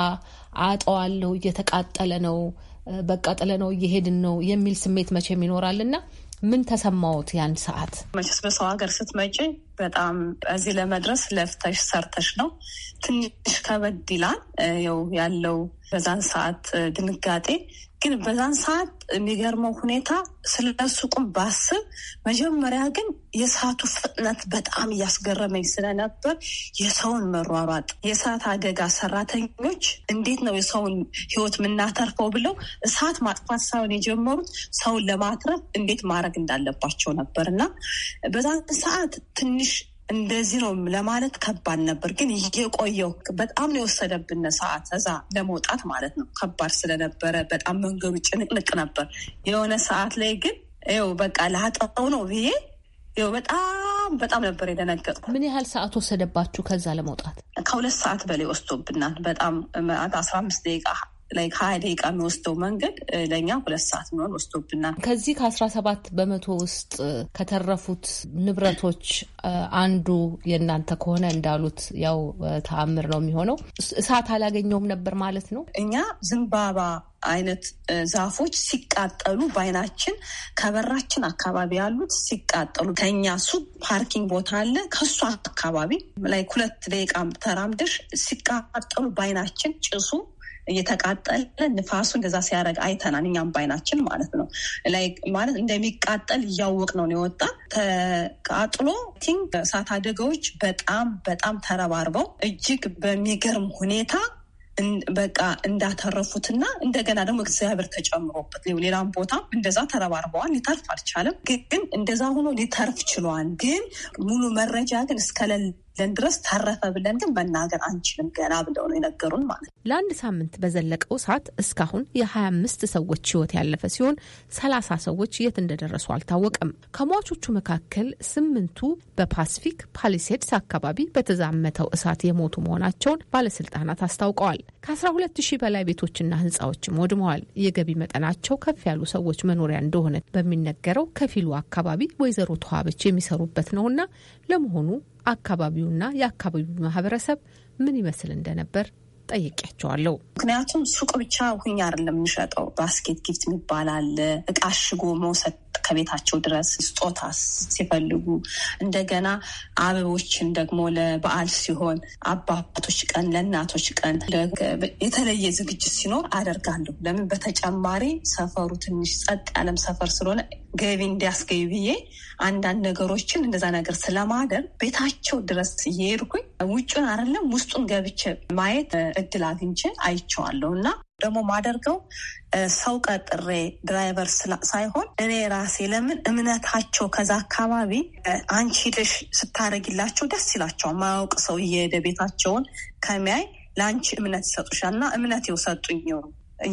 አጠዋለው፣ እየተቃጠለ ነው፣ በቃ ጥለ ነው፣ እየሄድን ነው የሚል ስሜት መቼም ይኖራል እና ምን ተሰማዎት ያን ሰዓት? መቼስ በሰው ሀገር ስትመጪ በጣም እዚህ ለመድረስ ለፍተሽ ሰርተሽ ነው። ትንሽ ከበድ ይላል ያለው በዛን ሰዓት ድንጋጤ ግን በዛን ሰዓት የሚገርመው ሁኔታ ስለሱ ቁም ባስብ መጀመሪያ ግን የእሳቱ ፍጥነት በጣም እያስገረመኝ ስለነበር የሰውን መሯሯጥ የእሳት አደጋ ሰራተኞች እንዴት ነው የሰውን ሕይወት የምናተርፈው ብለው እሳት ማጥፋት ሳይሆን የጀመሩት ሰውን ለማትረፍ እንዴት ማድረግ እንዳለባቸው ነበር እና በዛን ሰዓት ትንሽ እንደዚህ ነው ለማለት ከባድ ነበር። ግን የቆየው በጣም ነው የወሰደብን ሰዓት እዛ ለመውጣት ማለት ነው። ከባድ ስለነበረ በጣም መንገዱ ጭንቅንቅ ነበር። የሆነ ሰዓት ላይ ግን ው በቃ ላጠው ነው ብዬ ይኸው በጣም በጣም ነበር የደነገጥኩ። ምን ያህል ሰዓት ወሰደባችሁ ከዛ ለመውጣት? ከሁለት ሰዓት በላይ ወስዶብናል። በጣም አስራ አምስት ደቂቃ ላይ ከሀያ ደቂቃ የሚወስደው መንገድ ለእኛ ሁለት ሰዓት የሚሆን ወስዶብናል። ከዚህ ከአስራ ሰባት በመቶ ውስጥ ከተረፉት ንብረቶች አንዱ የእናንተ ከሆነ እንዳሉት ያው ተአምር ነው የሚሆነው። እሳት አላገኘውም ነበር ማለት ነው። እኛ ዘንባባ አይነት ዛፎች ሲቃጠሉ በአይናችን ከበራችን አካባቢ ያሉት ሲቃጠሉ ከኛ ሱ ፓርኪንግ ቦታ አለ ከሱ አካባቢ ላይ ሁለት ደቂቃ ተራምደሽ ሲቃጠሉ በአይናችን ጭሱ እየተቃጠለ ንፋሱ እንደዛ ሲያደርግ አይተናል። እኛም ባይናችን ማለት ነው ማለት እንደሚቃጠል እያወቅ ነው የወጣ ተቃጥሎ ቲንግ እሳት አደጋዎች በጣም በጣም ተረባርበው እጅግ በሚገርም ሁኔታ በቃ እንዳተረፉትና እንደገና ደግሞ እግዚአብሔር ተጨምሮበት ሌላም ቦታ እንደዛ ተረባርበዋል። ሊተርፍ አልቻለም፣ ግን እንደዛ ሆኖ ሊተርፍ ችሏል። ግን ሙሉ መረጃ ግን እስከለል ለን ድረስ ተረፈ ብለን ግን መናገር አንችልም ገና ብለው ነው የነገሩን ማለት ነው። ለአንድ ሳምንት በዘለቀው እሳት እስካሁን የ25 ሰዎች ህይወት ያለፈ ሲሆን 30 ሰዎች የት እንደደረሱ አልታወቀም። ከሟቾቹ መካከል ስምንቱ በፓስፊክ ፓሊሴድስ አካባቢ በተዛመተው እሳት የሞቱ መሆናቸውን ባለስልጣናት አስታውቀዋል። ከ12000 በላይ ቤቶችና ህንፃዎችም ወድመዋል። የገቢ መጠናቸው ከፍ ያሉ ሰዎች መኖሪያ እንደሆነ በሚነገረው ከፊሉ አካባቢ ወይዘሮ ተዋበች የሚሰሩበት ነውና ለመሆኑ አካባቢውና የአካባቢው ማህበረሰብ ምን ይመስል እንደነበር ጠይቄያቸዋለሁ። ምክንያቱም ሱቅ ብቻ ሁኛ አይደለም የምንሸጠው። ባስኬት ጊፍት የሚባል አለ። እቃ ሽጎ መውሰድ ከቤታቸው ድረስ ስጦታ ሲፈልጉ፣ እንደገና አበቦችን ደግሞ ለበዓል ሲሆን አባቶች ቀን፣ ለእናቶች ቀን የተለየ ዝግጅት ሲኖር አደርጋለሁ። ለምን በተጨማሪ ሰፈሩ ትንሽ ጸጥ ያለም ሰፈር ስለሆነ ገቢ እንዲያስገኝ ብዬ አንዳንድ ነገሮችን እንደዛ ነገር ስለማደር ቤታቸው ድረስ እየሄድኩኝ ውጩን አይደለም ውስጡን ገብቼ ማየት እድል አግኝቼ አይቼዋለሁ እና ደግሞ ማደርገው ሰው ቀጥሬ ድራይቨር ሳይሆን እኔ ራሴ ለምን እምነታቸው ከዛ አካባቢ አንቺ ሄደሽ ስታደረግላቸው ደስ ይላቸዋል። ማያውቅ ሰው እየሄደ ቤታቸውን ከሚያይ ለአንቺ እምነት ይሰጡሻል እና እምነት የውሰጡኝ ነው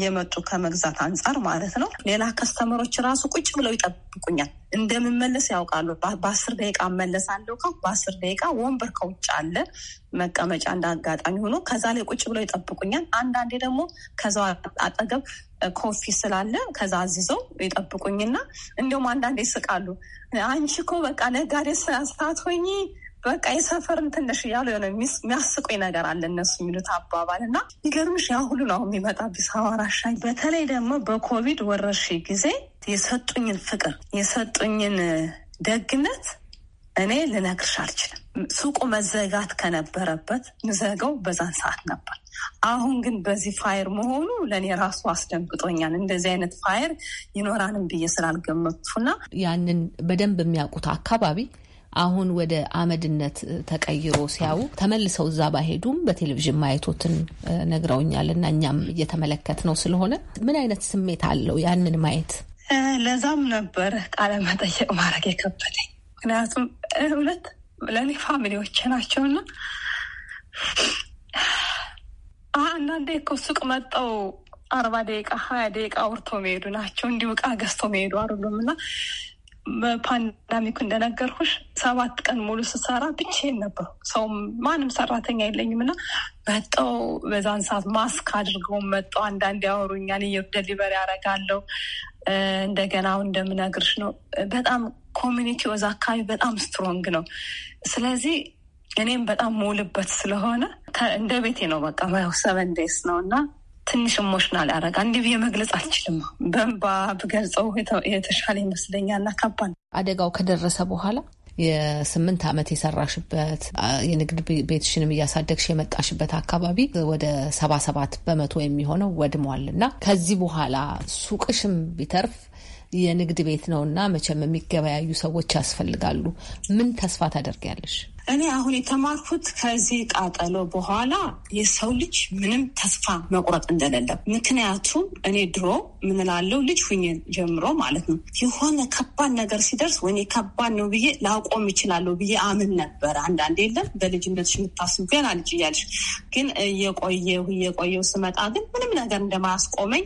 የመጡ ከመግዛት አንጻር ማለት ነው። ሌላ ከስተመሮች ራሱ ቁጭ ብለው ይጠብቁኛል። እንደምመለስ ያውቃሉ። በአስር ደቂቃ እመለሳለሁ። ከ በአስር ደቂቃ ወንበር ከውጭ አለ መቀመጫ እንደ አጋጣሚ ሆኖ ከዛ ላይ ቁጭ ብለው ይጠብቁኛል። አንዳንዴ ደግሞ ከዛ አጠገብ ኮፊ ስላለ ከዛ አዝዘው ይጠብቁኝና እንዲሁም አንዳንዴ ይስቃሉ። አንቺ እኮ በቃ ነጋዴ ስራ ሰዓት ሆኚ በቃ የሰፈርን ትንሽ እያሉ የሆነ የሚያስቁኝ ነገር አለ እነሱ የሚሉት አባባል እና ይገርምሽ፣ ያ ሁሉ ነው የሚመጣብኝ ሳወራሽ። በተለይ ደግሞ በኮቪድ ወረርሽኝ ጊዜ የሰጡኝን ፍቅር የሰጡኝን ደግነት እኔ ልነግርሽ አልችልም። ሱቁ መዘጋት ከነበረበት ንዘገው በዛን ሰዓት ነበር። አሁን ግን በዚህ ፋይር መሆኑ ለእኔ ራሱ አስደንግጦኛል። እንደዚህ አይነት ፋይር ይኖራንም ብዬ ስላልገመቱና ያንን በደንብ የሚያውቁት አካባቢ አሁን ወደ አመድነት ተቀይሮ ሲያዩ ተመልሰው እዛ ባሄዱም በቴሌቪዥን ማየቶትን ነግረውኛል እና እኛም እየተመለከት ነው ስለሆነ ምን አይነት ስሜት አለው ያንን ማየት? ለዛም ነበር ቃለ መጠየቅ ማድረግ የከበደኝ። ምክንያቱም እውነት ለእኔ ፋሚሊዎቼ ናቸውና አንዳንዴ እኮ ሱቅ መጠው አርባ ደቂቃ ሀያ ደቂቃ አውርቶ መሄዱ ናቸው እንዲሁ እቃ ገዝቶ መሄዱ አይደሉም እና በፓንዳሚኩ እንደነገርኩሽ ሰባት ቀን ሙሉ ስሰራ ብቻዬን ነበር። ሰው ማንም ሰራተኛ የለኝም እና መጠው በዛን ሰዓት ማስክ አድርገው መጠው አንዳንድ ያወሩኛል። እየሩ ደሊቨሪ ያደርጋለሁ። እንደገና አሁን እንደምነግርሽ ነው በጣም ኮሚኒቲ ወዛ አካባቢ በጣም ስትሮንግ ነው። ስለዚህ እኔም በጣም መውልበት ስለሆነ እንደ ቤቴ ነው በቃ ሰቨን ዴይስ ነው እና ትንሽ ኢሞሽናል ያደረጋ እንዲህ ብዬ መግለጽ አልችልም። በእንባ ብገልጸው የተሻለ ይመስለኛል እና ከባድ አደጋው ከደረሰ በኋላ የስምንት ዓመት የሰራሽበት የንግድ ቤትሽንም እያሳደግሽ የመጣሽበት አካባቢ ወደ ሰባ ሰባት በመቶ የሚሆነው ወድሟል እና ከዚህ በኋላ ሱቅሽም ቢተርፍ የንግድ ቤት ነውና መቼም የሚገበያዩ ሰዎች ያስፈልጋሉ። ምን ተስፋ ታደርጊያለሽ? እኔ አሁን የተማርኩት ከዚህ ቃጠሎ በኋላ የሰው ልጅ ምንም ተስፋ መቁረጥ እንደሌለም። ምክንያቱም እኔ ድሮ ምንላለው ልጅ ሁኜ ጀምሮ ማለት ነው የሆነ ከባድ ነገር ሲደርስ ወይ ከባድ ነው ብዬ ላቆም ይችላለሁ ብዬ አምን ነበረ። አንዳንድ የለም በልጅነት የምታስቡ ገና ልጅ እያልሽ ግን እየቆየሁ እየቆየሁ ስመጣ ግን ምንም ነገር እንደማያስቆመኝ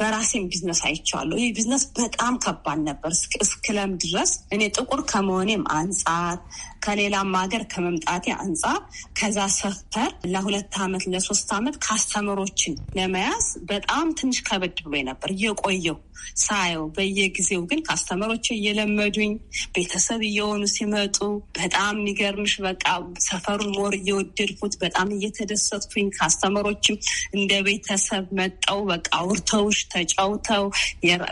በራሴም ቢዝነስ አይቻለሁ። ይህ ቢዝነስ በጣም ከባድ ነበር እስክለም ድረስ እኔ ጥቁር ከመሆኔም አንጻር ከሌላም ሀገር ከመምጣቴ አንጻር ከዛ ሰፈር ለሁለት ዓመት ለሶስት ዓመት ካስተመሮችን ለመያዝ በጣም ትንሽ ከበድ ብሎ ነበር እየቆየው ሳየው በየጊዜው ግን ካስተመሮች እየለመዱኝ ቤተሰብ እየሆኑ ሲመጡ በጣም የሚገርምሽ በቃ ሰፈሩን ሞር እየወደድኩት በጣም እየተደሰትኩኝ ካስተመሮችም እንደ ቤተሰብ መጠው በቃ አውርተውሽ ተጫውተው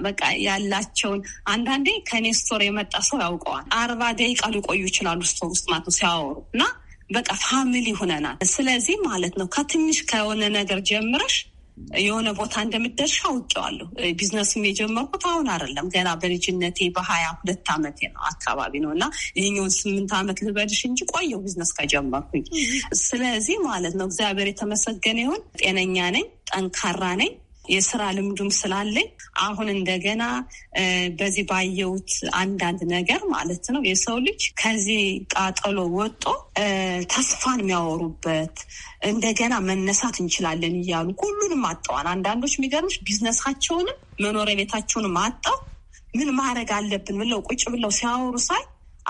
በቃ ያላቸውን አንዳንዴ ከኔ ስቶር የመጣ ሰው ያውቀዋል። አርባ ደቂቃ ሊቆዩ ይችላሉ ስቶር ውስጥ ማለት ነው ሲያወሩ እና በቃ ፋሚሊ ሆነናል። ስለዚህ ማለት ነው ከትንሽ ከሆነ ነገር ጀምረሽ የሆነ ቦታ እንደምደርሽ አውቄዋለሁ። ቢዝነስም የጀመርኩት አሁን አይደለም፣ ገና በልጅነቴ በሀያ ሁለት ዓመቴ ነው አካባቢ ነው እና ይህኛውን ስምንት ዓመት ልበልሽ እንጂ ቆየው ቢዝነስ ከጀመርኩኝ። ስለዚህ ማለት ነው እግዚአብሔር የተመሰገነ ይሁን ጤነኛ ነኝ፣ ጠንካራ ነኝ። የስራ ልምዱም ስላለኝ አሁን እንደገና በዚህ ባየሁት አንዳንድ ነገር ማለት ነው የሰው ልጅ ከዚህ ቃጠሎ ወጦ ተስፋን የሚያወሩበት እንደገና መነሳት እንችላለን እያሉ ሁሉንም አጠዋል። አንዳንዶች የሚገርምሽ ቢዝነሳቸውንም መኖሪያ ቤታቸውንም አጣው ምን ማድረግ አለብን ብለው ቁጭ ብለው ሲያወሩ ሳይ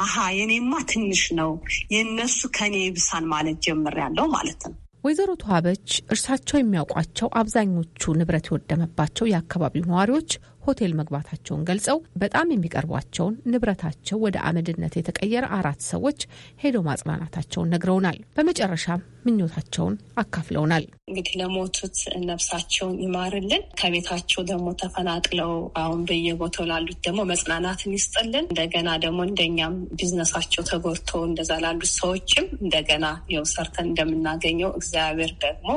አሀ የኔማ ትንሽ ነው የእነሱ ከኔ ይብሳን ማለት ጀምሬያለሁ ማለት ነው። ወይዘሮ ተዋበች እርሳቸው የሚያውቋቸው አብዛኞቹ ንብረት የወደመባቸው የአካባቢው ነዋሪዎች ሆቴል መግባታቸውን ገልጸው በጣም የሚቀርቧቸውን ንብረታቸው ወደ አመድነት የተቀየረ አራት ሰዎች ሄደው ማጽናናታቸውን ነግረውናል። በመጨረሻም ምኞታቸውን አካፍለውናል። እንግዲህ ለሞቱት ነፍሳቸውን ይማርልን። ከቤታቸው ደግሞ ተፈናቅለው አሁን በየቦታው ላሉት ደግሞ መጽናናትን ይስጥልን። እንደገና ደግሞ እንደኛም ቢዝነሳቸው ተጎድቶ እንደዛ ላሉት ሰዎችም እንደገና ው ሰርተን እንደምናገኘው እግዚአብሔር ደግሞ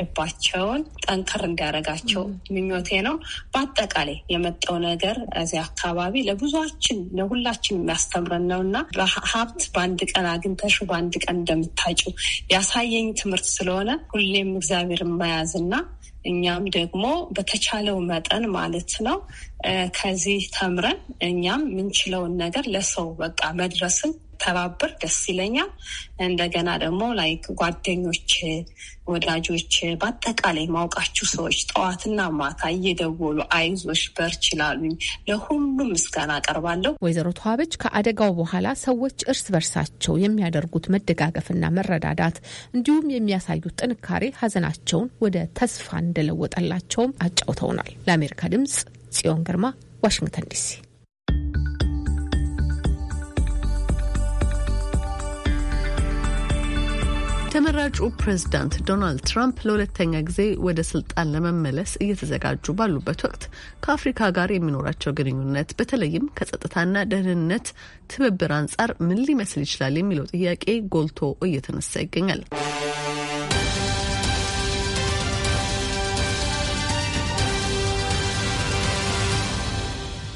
ልባቸውን ጠንከር እንዲያደርጋቸው ምኞቴ ነው። በአጠቃላይ የመጣው ነገር እዚህ አካባቢ ለብዙችን ለሁላችን የሚያስተምረን ነው እና ሀብት በአንድ ቀን አግኝተሽ በአንድ ቀን እንደምታጩ ያሳየኝ ትምህርት ስለሆነ ሁሌም እግዚአብሔር እግዚአብሔር መያዝ እኛም ደግሞ በተቻለው መጠን ማለት ነው ከዚህ ተምረን እኛም የምንችለውን ነገር ለሰው በቃ መድረስን ብትተባብር ደስ ይለኛል። እንደገና ደግሞ ላይክ ጓደኞች፣ ወዳጆች፣ በአጠቃላይ ማውቃችሁ ሰዎች ጠዋትና ማታ እየደወሉ አይዞች በርች ይላሉኝ። ለሁሉም ምስጋና አቀርባለሁ። ወይዘሮ ተዋበች ከአደጋው በኋላ ሰዎች እርስ በርሳቸው የሚያደርጉት መደጋገፍና መረዳዳት እንዲሁም የሚያሳዩት ጥንካሬ ሀዘናቸውን ወደ ተስፋ እንደለወጠላቸውም አጫውተውናል። ለአሜሪካ ድምጽ ጽዮን ግርማ ዋሽንግተን ዲሲ። ተመራጩ ፕሬዝዳንት ዶናልድ ትራምፕ ለሁለተኛ ጊዜ ወደ ስልጣን ለመመለስ እየተዘጋጁ ባሉበት ወቅት ከአፍሪካ ጋር የሚኖራቸው ግንኙነት በተለይም ከጸጥታና ደህንነት ትብብር አንጻር ምን ሊመስል ይችላል የሚለው ጥያቄ ጎልቶ እየተነሳ ይገኛል።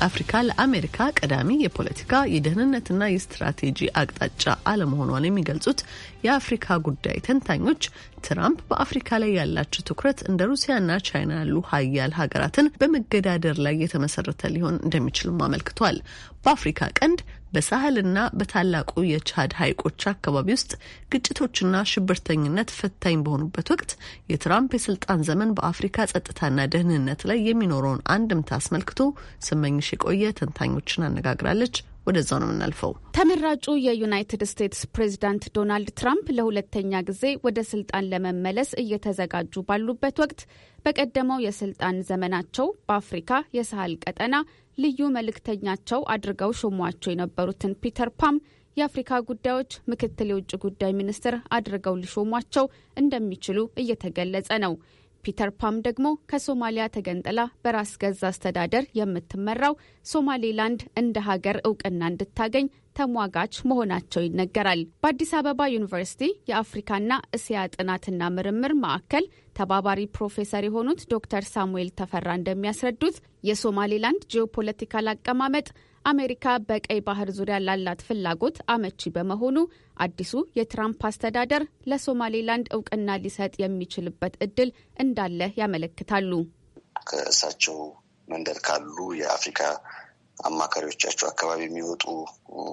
አፍሪካ ለአሜሪካ ቀዳሚ የፖለቲካ የደህንነትና የስትራቴጂ አቅጣጫ አለመሆኗን የሚገልጹት የአፍሪካ ጉዳይ ተንታኞች ትራምፕ በአፍሪካ ላይ ያላቸው ትኩረት እንደ ሩሲያና ቻይና ያሉ ሀያል ሀገራትን በመገዳደር ላይ የተመሰረተ ሊሆን እንደሚችሉም አመልክቷል። በአፍሪካ ቀንድ በሳህልና በታላቁ የቻድ ሀይቆች አካባቢ ውስጥ ግጭቶችና ሽብርተኝነት ፈታኝ በሆኑበት ወቅት የትራምፕ የስልጣን ዘመን በአፍሪካ ጸጥታና ደህንነት ላይ የሚኖረውን አንድምታ አስመልክቶ ስመኝሽ የቆየ ተንታኞችን አነጋግራለች። ወደዛው ነው የምናልፈው። ተመራጩ የዩናይትድ ስቴትስ ፕሬዚዳንት ዶናልድ ትራምፕ ለሁለተኛ ጊዜ ወደ ስልጣን ለመመለስ እየተዘጋጁ ባሉበት ወቅት በቀደመው የስልጣን ዘመናቸው በአፍሪካ የሳህል ቀጠና ልዩ መልእክተኛቸው አድርገው ሾሟቸው የነበሩትን ፒተር ፓም የአፍሪካ ጉዳዮች ምክትል የውጭ ጉዳይ ሚኒስትር አድርገው ሊሾሟቸው እንደሚችሉ እየተገለጸ ነው። ፒተር ፓም ደግሞ ከሶማሊያ ተገንጥላ በራስ ገዝ አስተዳደር የምትመራው ሶማሌላንድ እንደ ሀገር እውቅና እንድታገኝ ተሟጋች መሆናቸው ይነገራል። በአዲስ አበባ ዩኒቨርሲቲ የአፍሪካና እስያ ጥናትና ምርምር ማዕከል ተባባሪ ፕሮፌሰር የሆኑት ዶክተር ሳሙኤል ተፈራ እንደሚያስረዱት የሶማሌላንድ ጂኦፖለቲካል አቀማመጥ አሜሪካ በቀይ ባህር ዙሪያ ላላት ፍላጎት አመቺ በመሆኑ አዲሱ የትራምፕ አስተዳደር ለሶማሌላንድ እውቅና ሊሰጥ የሚችልበት እድል እንዳለ ያመለክታሉ። ከእሳቸው መንደር ካሉ የአፍሪካ አማካሪዎቻቸው አካባቢ የሚወጡ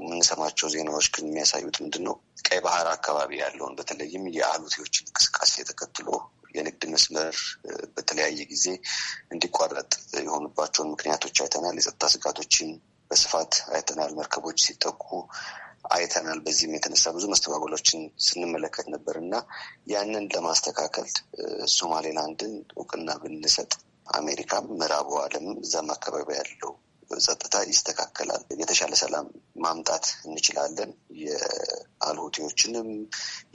የምንሰማቸው ዜናዎች ግን የሚያሳዩት ምንድን ነው? ቀይ ባህር አካባቢ ያለውን በተለይም የሁቲዎች እንቅስቃሴ ተከትሎ የንግድ መስመር በተለያየ ጊዜ እንዲቋረጥ የሆኑባቸውን ምክንያቶች አይተናል። የጸጥታ ስጋቶችን በስፋት አይተናል። መርከቦች ሲጠቁ አይተናል። በዚህም የተነሳ ብዙ መስተጓጎሎችን ስንመለከት ነበር እና ያንን ለማስተካከል ሶማሌላንድን እውቅና ብንሰጥ አሜሪካም ምዕራቡ ዓለም እዛም አካባቢ ያለው ጸጥታ ይስተካከላል። የተሻለ ሰላም ማምጣት እንችላለን። የአልሁቴዎችንም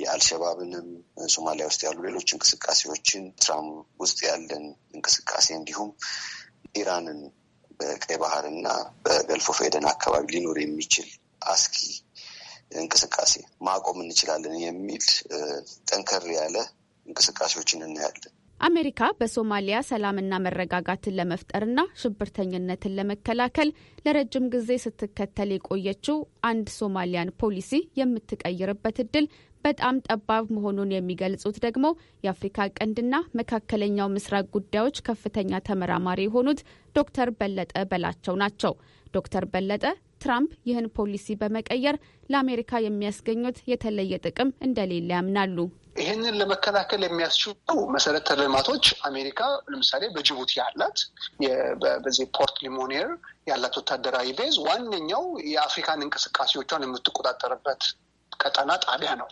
የአልሸባብንም ሶማሊያ ውስጥ ያሉ ሌሎች እንቅስቃሴዎችን ትራም ውስጥ ያለን እንቅስቃሴ እንዲሁም ኢራንን በቀይ ባህር እና በገልፎ ፌደን አካባቢ ሊኖር የሚችል አስኪ እንቅስቃሴ ማቆም እንችላለን የሚል ጠንከር ያለ እንቅስቃሴዎችን እናያለን። አሜሪካ በሶማሊያ ሰላምና መረጋጋትን ለመፍጠርና ሽብርተኝነትን ለመከላከል ለረጅም ጊዜ ስትከተል የቆየችው አንድ ሶማሊያን ፖሊሲ የምትቀይርበት እድል በጣም ጠባብ መሆኑን የሚገልጹት ደግሞ የአፍሪካ ቀንድና መካከለኛው ምስራቅ ጉዳዮች ከፍተኛ ተመራማሪ የሆኑት ዶክተር በለጠ በላቸው ናቸው። ዶክተር በለጠ ትራምፕ ይህን ፖሊሲ በመቀየር ለአሜሪካ የሚያስገኙት የተለየ ጥቅም እንደሌለ ያምናሉ። ይህንን ለመከላከል የሚያስችሉ መሰረተ ልማቶች አሜሪካ ለምሳሌ በጅቡቲ ያላት በዚህ ፖርት ሊሞኔር ያላት ወታደራዊ ቤዝ ዋነኛው የአፍሪካን እንቅስቃሴዎቿን የምትቆጣጠርበት ቀጠና ጣቢያ ነው።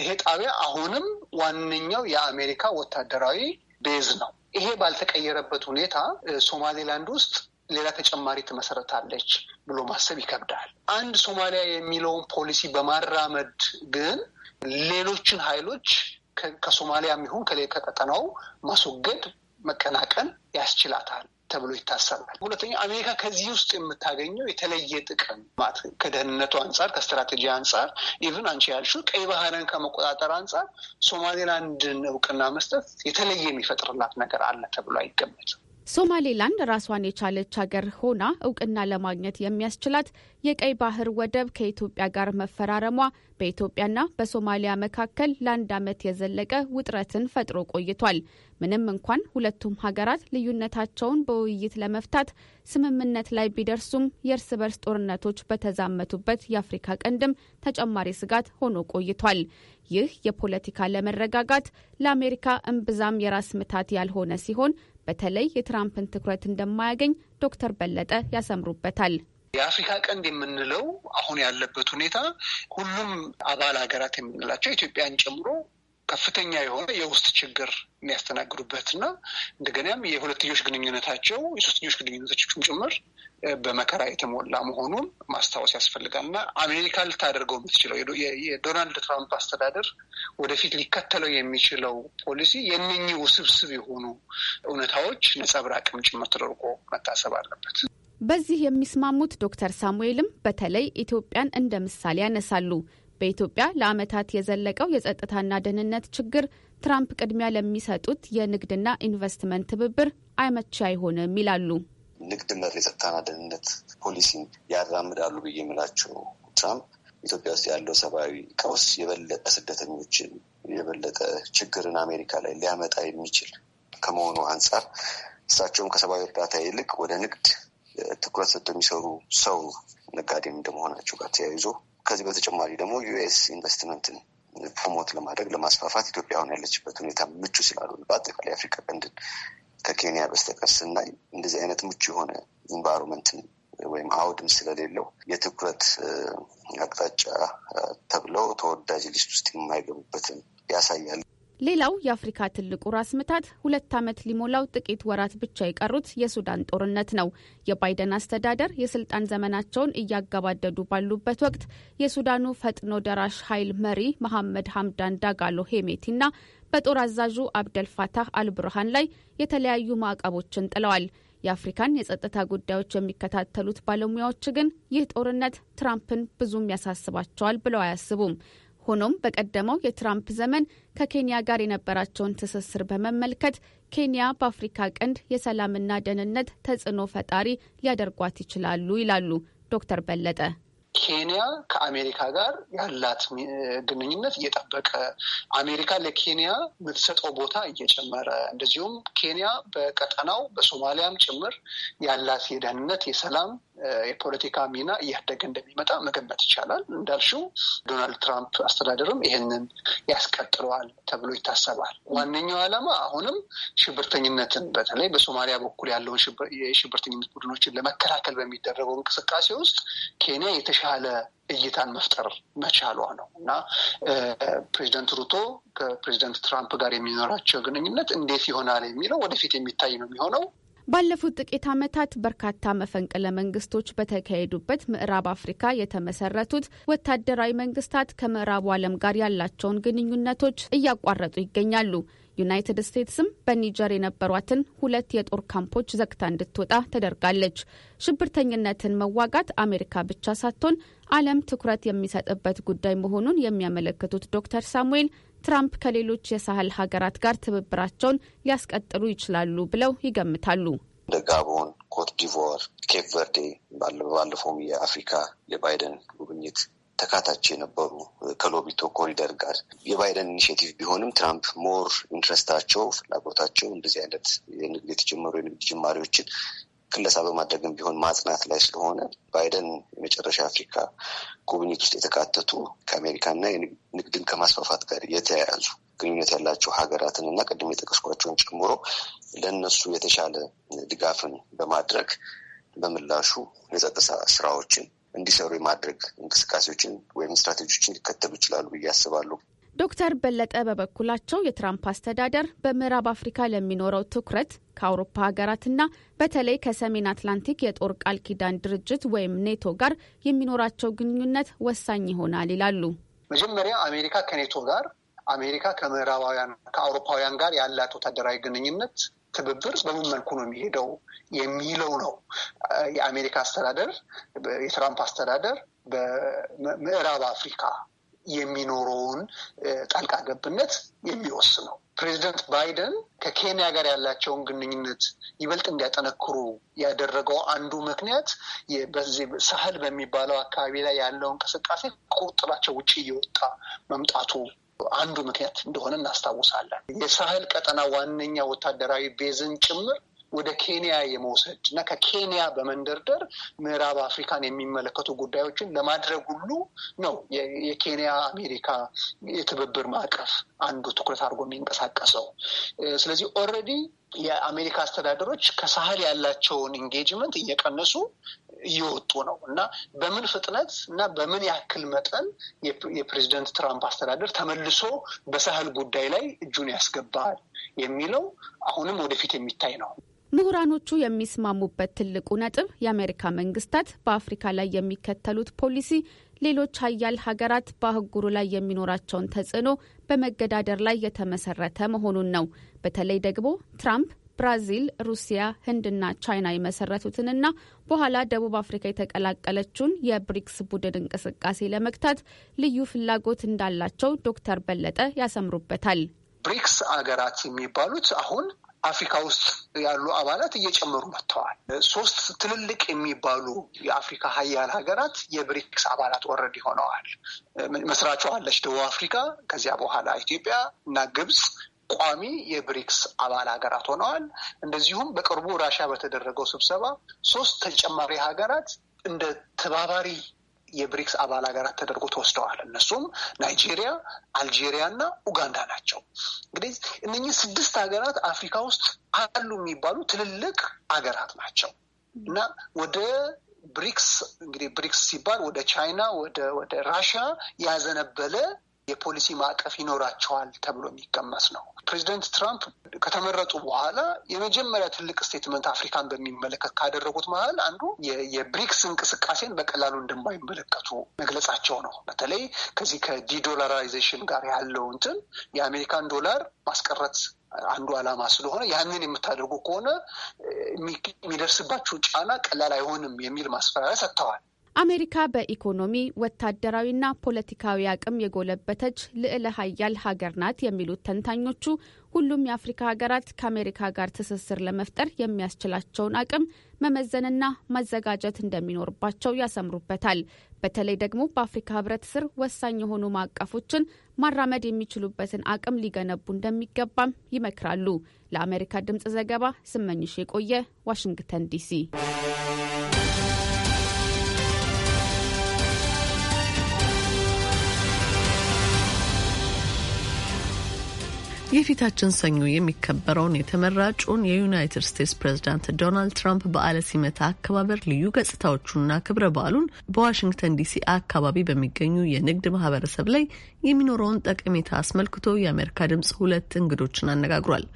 ይሄ ጣቢያ አሁንም ዋነኛው የአሜሪካ ወታደራዊ ቤዝ ነው። ይሄ ባልተቀየረበት ሁኔታ ሶማሌላንድ ውስጥ ሌላ ተጨማሪ ትመሰረታለች ብሎ ማሰብ ይከብዳል። አንድ ሶማሊያ የሚለውን ፖሊሲ በማራመድ ግን ሌሎችን ኃይሎች ከሶማሊያ የሚሆን ከቀጠናው ማስወገድ መቀናቀን ያስችላታል። ተብሎ ይታሰባል። ሁለተኛ አሜሪካ ከዚህ ውስጥ የምታገኘው የተለየ ጥቅም ከደህንነቱ አንጻር፣ ከስትራቴጂ አንጻር ኢቭን አንቺ ያልሽው ቀይ ባህርን ከመቆጣጠር አንጻር ሶማሌላንድን እውቅና መስጠት የተለየ የሚፈጥርላት ነገር አለ ተብሎ አይገመትም። ሶማሌላንድ ራሷን የቻለች ሀገር ሆና እውቅና ለማግኘት የሚያስችላት የቀይ ባህር ወደብ ከኢትዮጵያ ጋር መፈራረሟ በኢትዮጵያና በሶማሊያ መካከል ለአንድ ዓመት የዘለቀ ውጥረትን ፈጥሮ ቆይቷል። ምንም እንኳን ሁለቱም ሀገራት ልዩነታቸውን በውይይት ለመፍታት ስምምነት ላይ ቢደርሱም የእርስ በርስ ጦርነቶች በተዛመቱበት የአፍሪካ ቀንድም ተጨማሪ ስጋት ሆኖ ቆይቷል። ይህ የፖለቲካ ለመረጋጋት ለአሜሪካ እምብዛም የራስ ምታት ያልሆነ ሲሆን በተለይ የትራምፕን ትኩረት እንደማያገኝ ዶክተር በለጠ ያሰምሩበታል። የአፍሪካ ቀንድ የምንለው አሁን ያለበት ሁኔታ ሁሉም አባል ሀገራት የምንላቸው ኢትዮጵያን ጨምሮ ከፍተኛ የሆነ የውስጥ ችግር የሚያስተናግዱበት እንደገናም የሁለትዮሽ ግንኙነታቸው የሶስትዮሽ ግንኙነቶችም ጭምር በመከራ የተሞላ መሆኑን ማስታወስ ያስፈልጋል እና አሜሪካ ልታደርገው የምትችለው የዶናልድ ትራምፕ አስተዳደር ወደፊት ሊከተለው የሚችለው ፖሊሲ የእነኚህ ውስብስብ የሆኑ እውነታዎች ነጸብራቅም ጭምር ተደርጎ መታሰብ አለበት። በዚህ የሚስማሙት ዶክተር ሳሙኤልም በተለይ ኢትዮጵያን እንደ ምሳሌ ያነሳሉ። በኢትዮጵያ ለዓመታት የዘለቀው የጸጥታና ደህንነት ችግር ትራምፕ ቅድሚያ ለሚሰጡት የንግድና ኢንቨስትመንት ትብብር አይመቻ አይሆንም ይላሉ። ንግድ መር የጸጥታና ደህንነት ፖሊሲን ያራምዳሉ ብዬ የምላቸው ትራምፕ ኢትዮጵያ ውስጥ ያለው ሰብአዊ ቀውስ የበለጠ ስደተኞችን የበለጠ ችግርን አሜሪካ ላይ ሊያመጣ የሚችል ከመሆኑ አንጻር እሳቸውም ከሰብአዊ እርዳታ ይልቅ ወደ ንግድ ትኩረት ሰጥተው የሚሰሩ ሰው ነጋዴ እንደመሆናቸው ጋር ተያይዞ ከዚህ በተጨማሪ ደግሞ ዩኤስ ኢንቨስትመንትን ፕሮሞት ለማድረግ ለማስፋፋት ኢትዮጵያ አሁን ያለችበት ሁኔታ ምቹ ስላሉ በአጠቃላይ የአፍሪካ ቀንድን ከኬንያ በስተቀር ስናይ እንደዚህ አይነት ምቹ የሆነ ኢንቫይሮንመንትን ወይም አውድም ስለሌለው የትኩረት አቅጣጫ ተብለው ተወዳጅ ሊስት ውስጥ የማይገቡበትን ያሳያል። ሌላው የአፍሪካ ትልቁ ራስ ምታት ሁለት ዓመት ሊሞላው ጥቂት ወራት ብቻ የቀሩት የሱዳን ጦርነት ነው። የባይደን አስተዳደር የስልጣን ዘመናቸውን እያገባደዱ ባሉበት ወቅት የሱዳኑ ፈጥኖ ደራሽ ኃይል መሪ መሐመድ ሀምዳን ዳጋሎ ሄሜቲና በጦር አዛዡ አብደል ፋታህ አልብርሃን ላይ የተለያዩ ማዕቀቦችን ጥለዋል። የአፍሪካን የጸጥታ ጉዳዮች የሚከታተሉት ባለሙያዎች ግን ይህ ጦርነት ትራምፕን ብዙም ያሳስባቸዋል ብለው አያስቡም። ሆኖም በቀደመው የትራምፕ ዘመን ከኬንያ ጋር የነበራቸውን ትስስር በመመልከት ኬንያ በአፍሪካ ቀንድ የሰላምና ደህንነት ተጽዕኖ ፈጣሪ ሊያደርጓት ይችላሉ ይላሉ ዶክተር በለጠ። ኬንያ ከአሜሪካ ጋር ያላት ግንኙነት እየጠበቀ አሜሪካ ለኬንያ የምትሰጠው ቦታ እየጨመረ እንደዚሁም ኬንያ በቀጠናው በሶማሊያም ጭምር ያላት የደህንነት የሰላም የፖለቲካ ሚና እያደገ እንደሚመጣ መገመት ይቻላል። እንዳልሽው ዶናልድ ትራምፕ አስተዳደርም ይህንን ያስቀጥለዋል ተብሎ ይታሰባል። ዋነኛው ዓላማ አሁንም ሽብርተኝነትን በተለይ በሶማሊያ በኩል ያለውን የሽብርተኝነት ቡድኖችን ለመከላከል በሚደረገው እንቅስቃሴ ውስጥ ኬንያ የተሻለ እይታን መፍጠር መቻሏ ነው እና ፕሬዚደንት ሩቶ ከፕሬዚደንት ትራምፕ ጋር የሚኖራቸው ግንኙነት እንዴት ይሆናል የሚለው ወደፊት የሚታይ ነው የሚሆነው። ባለፉት ጥቂት ዓመታት በርካታ መፈንቅለ መንግስቶች በተካሄዱበት ምዕራብ አፍሪካ የተመሰረቱት ወታደራዊ መንግስታት ከምዕራቡ ዓለም ጋር ያላቸውን ግንኙነቶች እያቋረጡ ይገኛሉ። ዩናይትድ ስቴትስም በኒጀር የነበሯትን ሁለት የጦር ካምፖች ዘግታ እንድትወጣ ተደርጋለች። ሽብርተኝነትን መዋጋት አሜሪካ ብቻ ሳትሆን ዓለም ትኩረት የሚሰጥበት ጉዳይ መሆኑን የሚያመለክቱት ዶክተር ሳሙኤል ትራምፕ ከሌሎች የሳህል ሀገራት ጋር ትብብራቸውን ሊያስቀጥሉ ይችላሉ ብለው ይገምታሉ። እንደ ጋቦን፣ ኮት ዲቮር፣ ኬፕ ቨርዴ ባለፈውም የአፍሪካ የባይደን ጉብኝት ተካታች የነበሩ ከሎቢቶ ኮሪደር ጋር የባይደን ኢኒሽቲቭ ቢሆንም ትራምፕ ሞር ኢንትረስታቸው ፍላጎታቸው እንደዚህ አይነት የንግድ የተጀመሩ የንግድ ጅማሬዎችን ክለሳ በማድረግም ቢሆን ማጽናት ላይ ስለሆነ ባይደን የመጨረሻ አፍሪካ ጉብኝት ውስጥ የተካተቱ ከአሜሪካና ንግድን ከማስፋፋት ጋር የተያያዙ ግንኙነት ያላቸው ሀገራትን እና ቅድም የጠቀስኳቸውን ጨምሮ ለእነሱ የተሻለ ድጋፍን በማድረግ በምላሹ የጸጥታ ስራዎችን እንዲሰሩ የማድረግ እንቅስቃሴዎችን ወይም ስትራቴጂዎችን ሊከተሉ ይችላሉ ብዬ አስባለሁ። ዶክተር በለጠ በበኩላቸው የትራምፕ አስተዳደር በምዕራብ አፍሪካ ለሚኖረው ትኩረት ከአውሮፓ ሀገራትና በተለይ ከሰሜን አትላንቲክ የጦር ቃል ኪዳን ድርጅት ወይም ኔቶ ጋር የሚኖራቸው ግንኙነት ወሳኝ ይሆናል ይላሉ። መጀመሪያ አሜሪካ ከኔቶ ጋር አሜሪካ ከምዕራባውያን ከአውሮፓውያን ጋር ያላት ወታደራዊ ግንኙነት ትብብር በምን መልኩ ነው የሚሄደው የሚለው ነው። የአሜሪካ አስተዳደር የትራምፕ አስተዳደር በምዕራብ አፍሪካ የሚኖረውን ጣልቃ ገብነት የሚወስነው። ፕሬዚደንት ባይደን ከኬንያ ጋር ያላቸውን ግንኙነት ይበልጥ እንዲያጠነክሩ ያደረገው አንዱ ምክንያት በዚህ ሳህል በሚባለው አካባቢ ላይ ያለው እንቅስቃሴ ቁጥራቸው ውጭ እየወጣ መምጣቱ አንዱ ምክንያት እንደሆነ እናስታውሳለን። የሳህል ቀጠና ዋነኛ ወታደራዊ ቤዝን ጭምር ወደ ኬንያ የመውሰድ እና ከኬንያ በመንደርደር ምዕራብ አፍሪካን የሚመለከቱ ጉዳዮችን ለማድረግ ሁሉ ነው የኬንያ አሜሪካ የትብብር ማዕቀፍ አንዱ ትኩረት አድርጎ የሚንቀሳቀሰው። ስለዚህ ኦልሬዲ የአሜሪካ አስተዳደሮች ከሳህል ያላቸውን ኢንጌጅመንት እየቀነሱ እየወጡ ነው እና በምን ፍጥነት እና በምን ያክል መጠን የፕሬዚደንት ትራምፕ አስተዳደር ተመልሶ በሳህል ጉዳይ ላይ እጁን ያስገባል የሚለው አሁንም ወደፊት የሚታይ ነው። ምሁራኖቹ የሚስማሙበት ትልቁ ነጥብ የአሜሪካ መንግስታት በአፍሪካ ላይ የሚከተሉት ፖሊሲ ሌሎች ሀያል ሀገራት በአህጉሩ ላይ የሚኖራቸውን ተጽዕኖ በመገዳደር ላይ የተመሰረተ መሆኑን ነው። በተለይ ደግሞ ትራምፕ ብራዚል፣ ሩሲያ፣ ህንድና ቻይና የመሰረቱትንና በኋላ ደቡብ አፍሪካ የተቀላቀለችውን የብሪክስ ቡድን እንቅስቃሴ ለመግታት ልዩ ፍላጎት እንዳላቸው ዶክተር በለጠ ያሰምሩበታል። ብሪክስ አገራት የሚባሉት አሁን አፍሪካ ውስጥ ያሉ አባላት እየጨመሩ መጥተዋል። ሶስት ትልልቅ የሚባሉ የአፍሪካ ሀያል ሀገራት የብሪክስ አባላት ወረድ ሆነዋል። መስራቿ አለች ደቡብ አፍሪካ፣ ከዚያ በኋላ ኢትዮጵያ እና ግብጽ ቋሚ የብሪክስ አባል ሀገራት ሆነዋል። እንደዚሁም በቅርቡ ራሻ በተደረገው ስብሰባ ሶስት ተጨማሪ ሀገራት እንደ ተባባሪ የብሪክስ አባል ሀገራት ተደርጎ ተወስደዋል። እነሱም ናይጄሪያ፣ አልጄሪያ እና ኡጋንዳ ናቸው። እንግዲህ እነኚህ ስድስት ሀገራት አፍሪካ ውስጥ አሉ የሚባሉ ትልልቅ ሀገራት ናቸው እና ወደ ብሪክስ እንግዲህ ብሪክስ ሲባል ወደ ቻይና ወደ ወደ ራሽያ ያዘነበለ የፖሊሲ ማዕቀፍ ይኖራቸዋል ተብሎ የሚቀመስ ነው። ፕሬዚደንት ትራምፕ ከተመረጡ በኋላ የመጀመሪያ ትልቅ ስቴትመንት አፍሪካን በሚመለከት ካደረጉት መሀል አንዱ የብሪክስ እንቅስቃሴን በቀላሉ እንደማይመለከቱ መግለጻቸው ነው። በተለይ ከዚህ ከዲዶላራይዜሽን ጋር ያለው እንትን የአሜሪካን ዶላር ማስቀረት አንዱ ዓላማ ስለሆነ ያንን የምታደርጉ ከሆነ የሚደርስባችሁ ጫና ቀላል አይሆንም የሚል ማስፈራሪያ ሰጥተዋል። አሜሪካ በኢኮኖሚ ወታደራዊና ፖለቲካዊ አቅም የጎለበተች ልዕለ ሀያል ሀገር ናት የሚሉት ተንታኞቹ ሁሉም የአፍሪካ ሀገራት ከአሜሪካ ጋር ትስስር ለመፍጠር የሚያስችላቸውን አቅም መመዘንና ማዘጋጀት እንደሚኖርባቸው ያሰምሩበታል። በተለይ ደግሞ በአፍሪካ ሕብረት ስር ወሳኝ የሆኑ ማዕቀፎችን ማራመድ የሚችሉበትን አቅም ሊገነቡ እንደሚገባም ይመክራሉ። ለአሜሪካ ድምጽ ዘገባ ስመኝሽ የቆየ ዋሽንግተን ዲሲ። የፊታችን ሰኞ የሚከበረውን የተመራጩን የዩናይትድ ስቴትስ ፕሬዝዳንት ዶናልድ ትራምፕ በዓለ ሲመታ አከባበር ልዩ ገጽታዎቹና ክብረ በዓሉን በዋሽንግተን ዲሲ አካባቢ በሚገኙ የንግድ ማህበረሰብ ላይ የሚኖረውን ጠቀሜታ አስመልክቶ የአሜሪካ ድምጽ ሁለት እንግዶችን አነጋግሯል።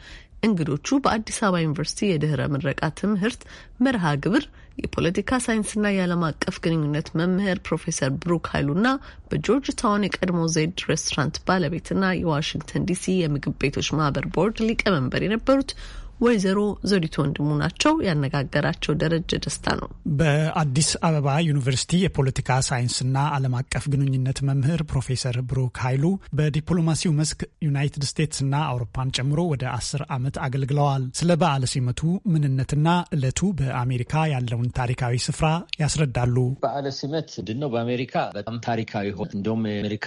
እንግዶቹ በአዲስ አበባ ዩኒቨርሲቲ የድህረ ምረቃ ትምህርት መርሃ ግብር የፖለቲካ ሳይንስና የዓለም አቀፍ ግንኙነት መምህር ፕሮፌሰር ብሩክ ኃይሉና በጆርጅ ታውን የቀድሞ ዜድ ሬስቶራንት ባለቤትና የዋሽንግተን ዲሲ የምግብ ቤቶች ማህበር ቦርድ ሊቀመንበር የነበሩት ወይዘሮ ዘሪቱ ወንድሙ ናቸው። ያነጋገራቸው ደረጀ ደስታ ነው። በአዲስ አበባ ዩኒቨርሲቲ የፖለቲካ ሳይንስና ዓለም አቀፍ ግንኙነት መምህር ፕሮፌሰር ብሩክ ኃይሉ በዲፕሎማሲው መስክ ዩናይትድ ስቴትስና አውሮፓን ጨምሮ ወደ አስር ዓመት አገልግለዋል። ስለ በዓለ ሲመቱ ምንነትና ዕለቱ በአሜሪካ ያለውን ታሪካዊ ስፍራ ያስረዳሉ። በዓለ ሲመት ምንድን በአሜሪካ በጣም ታሪካዊ ሆነ እንደውም የአሜሪካ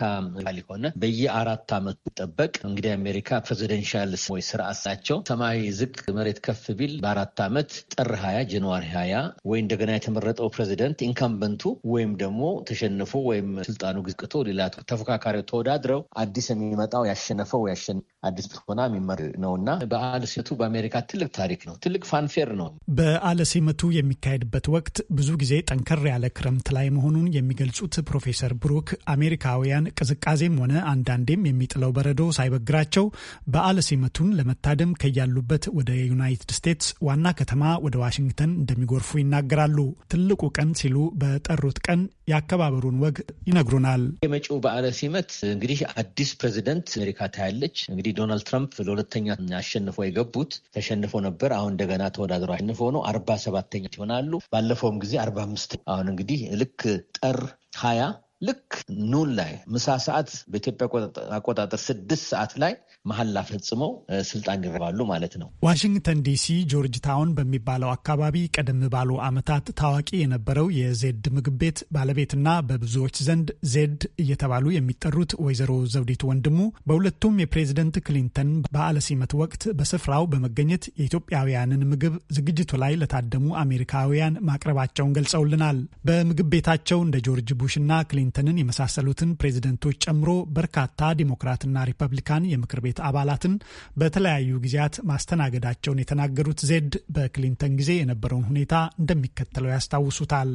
ሆነ በየአራት ዓመቱ ጠበቅ እንግዲህ አሜሪካ ፕሬዚደንሻል ወይ ስርዓት ናቸው ሰማይ ዝቅ መሬት ከፍ ቢል በአራት ዓመት ጥር ሀያ ጀንዋሪ ሀያ ወይ እንደገና የተመረጠው ፕሬዚደንት ኢንካምበንቱ ወይም ደግሞ ተሸንፎ ወይም ስልጣኑ ግዝቅቶ ሌላ ተፎካካሪ ተወዳድረው አዲስ የሚመጣው ያሸነፈው ያሸነ አዲስ ብትሆና የሚመር ነው እና በዓለ ሲመቱ በአሜሪካ ትልቅ ታሪክ ነው። ትልቅ ፋንፌር ነው። በዓለ ሲመቱ የሚካሄድበት ወቅት ብዙ ጊዜ ጠንከር ያለ ክረምት ላይ መሆኑን የሚገልጹት ፕሮፌሰር ብሩክ አሜሪካውያን ቅዝቃዜም ሆነ አንዳንዴም የሚጥለው በረዶ ሳይበግራቸው በዓለ ሲመቱን ለመታደም ከያሉበት ወደ ወደ ዩናይትድ ስቴትስ ዋና ከተማ ወደ ዋሽንግተን እንደሚጎርፉ ይናገራሉ። ትልቁ ቀን ሲሉ በጠሩት ቀን የአከባበሩን ወግ ይነግሩናል። የመጪው በዓለ ሲመት እንግዲህ አዲስ ፕሬዚደንት አሜሪካ ታያለች። እንግዲህ ዶናልድ ትራምፕ ለሁለተኛ አሸንፎ የገቡት ተሸንፎ ነበር። አሁን እንደገና ተወዳድሮ አሸንፎ ነው። አርባ ሰባተኛ ይሆናሉ። ባለፈውም ጊዜ አርባ አምስት አሁን እንግዲህ ልክ ጥር ሀያ ልክ ኑን ላይ ምሳ ሰዓት በኢትዮጵያ አቆጣጠር ስድስት ሰዓት ላይ መሀላ ፈጽመው ስልጣን ይረባሉ ማለት ነው። ዋሽንግተን ዲሲ ጆርጅ ታውን በሚባለው አካባቢ ቀደም ባሉ ዓመታት ታዋቂ የነበረው የዜድ ምግብ ቤት ባለቤትና በብዙዎች ዘንድ ዜድ እየተባሉ የሚጠሩት ወይዘሮ ዘውዲቱ ወንድሙ በሁለቱም የፕሬዝደንት ክሊንተን በዓለ ሲመት ወቅት በስፍራው በመገኘት የኢትዮጵያውያንን ምግብ ዝግጅቱ ላይ ለታደሙ አሜሪካውያን ማቅረባቸውን ገልጸውልናል። በምግብ ቤታቸው እንደ ጆርጅ ቡሽና ክሊንተን ክሊንተንን የመሳሰሉትን ፕሬዝደንቶች ጨምሮ በርካታ ዲሞክራትና ሪፐብሊካን የምክር ቤት አባላትን በተለያዩ ጊዜያት ማስተናገዳቸውን የተናገሩት ዜድ በክሊንተን ጊዜ የነበረውን ሁኔታ እንደሚከተለው ያስታውሱታል።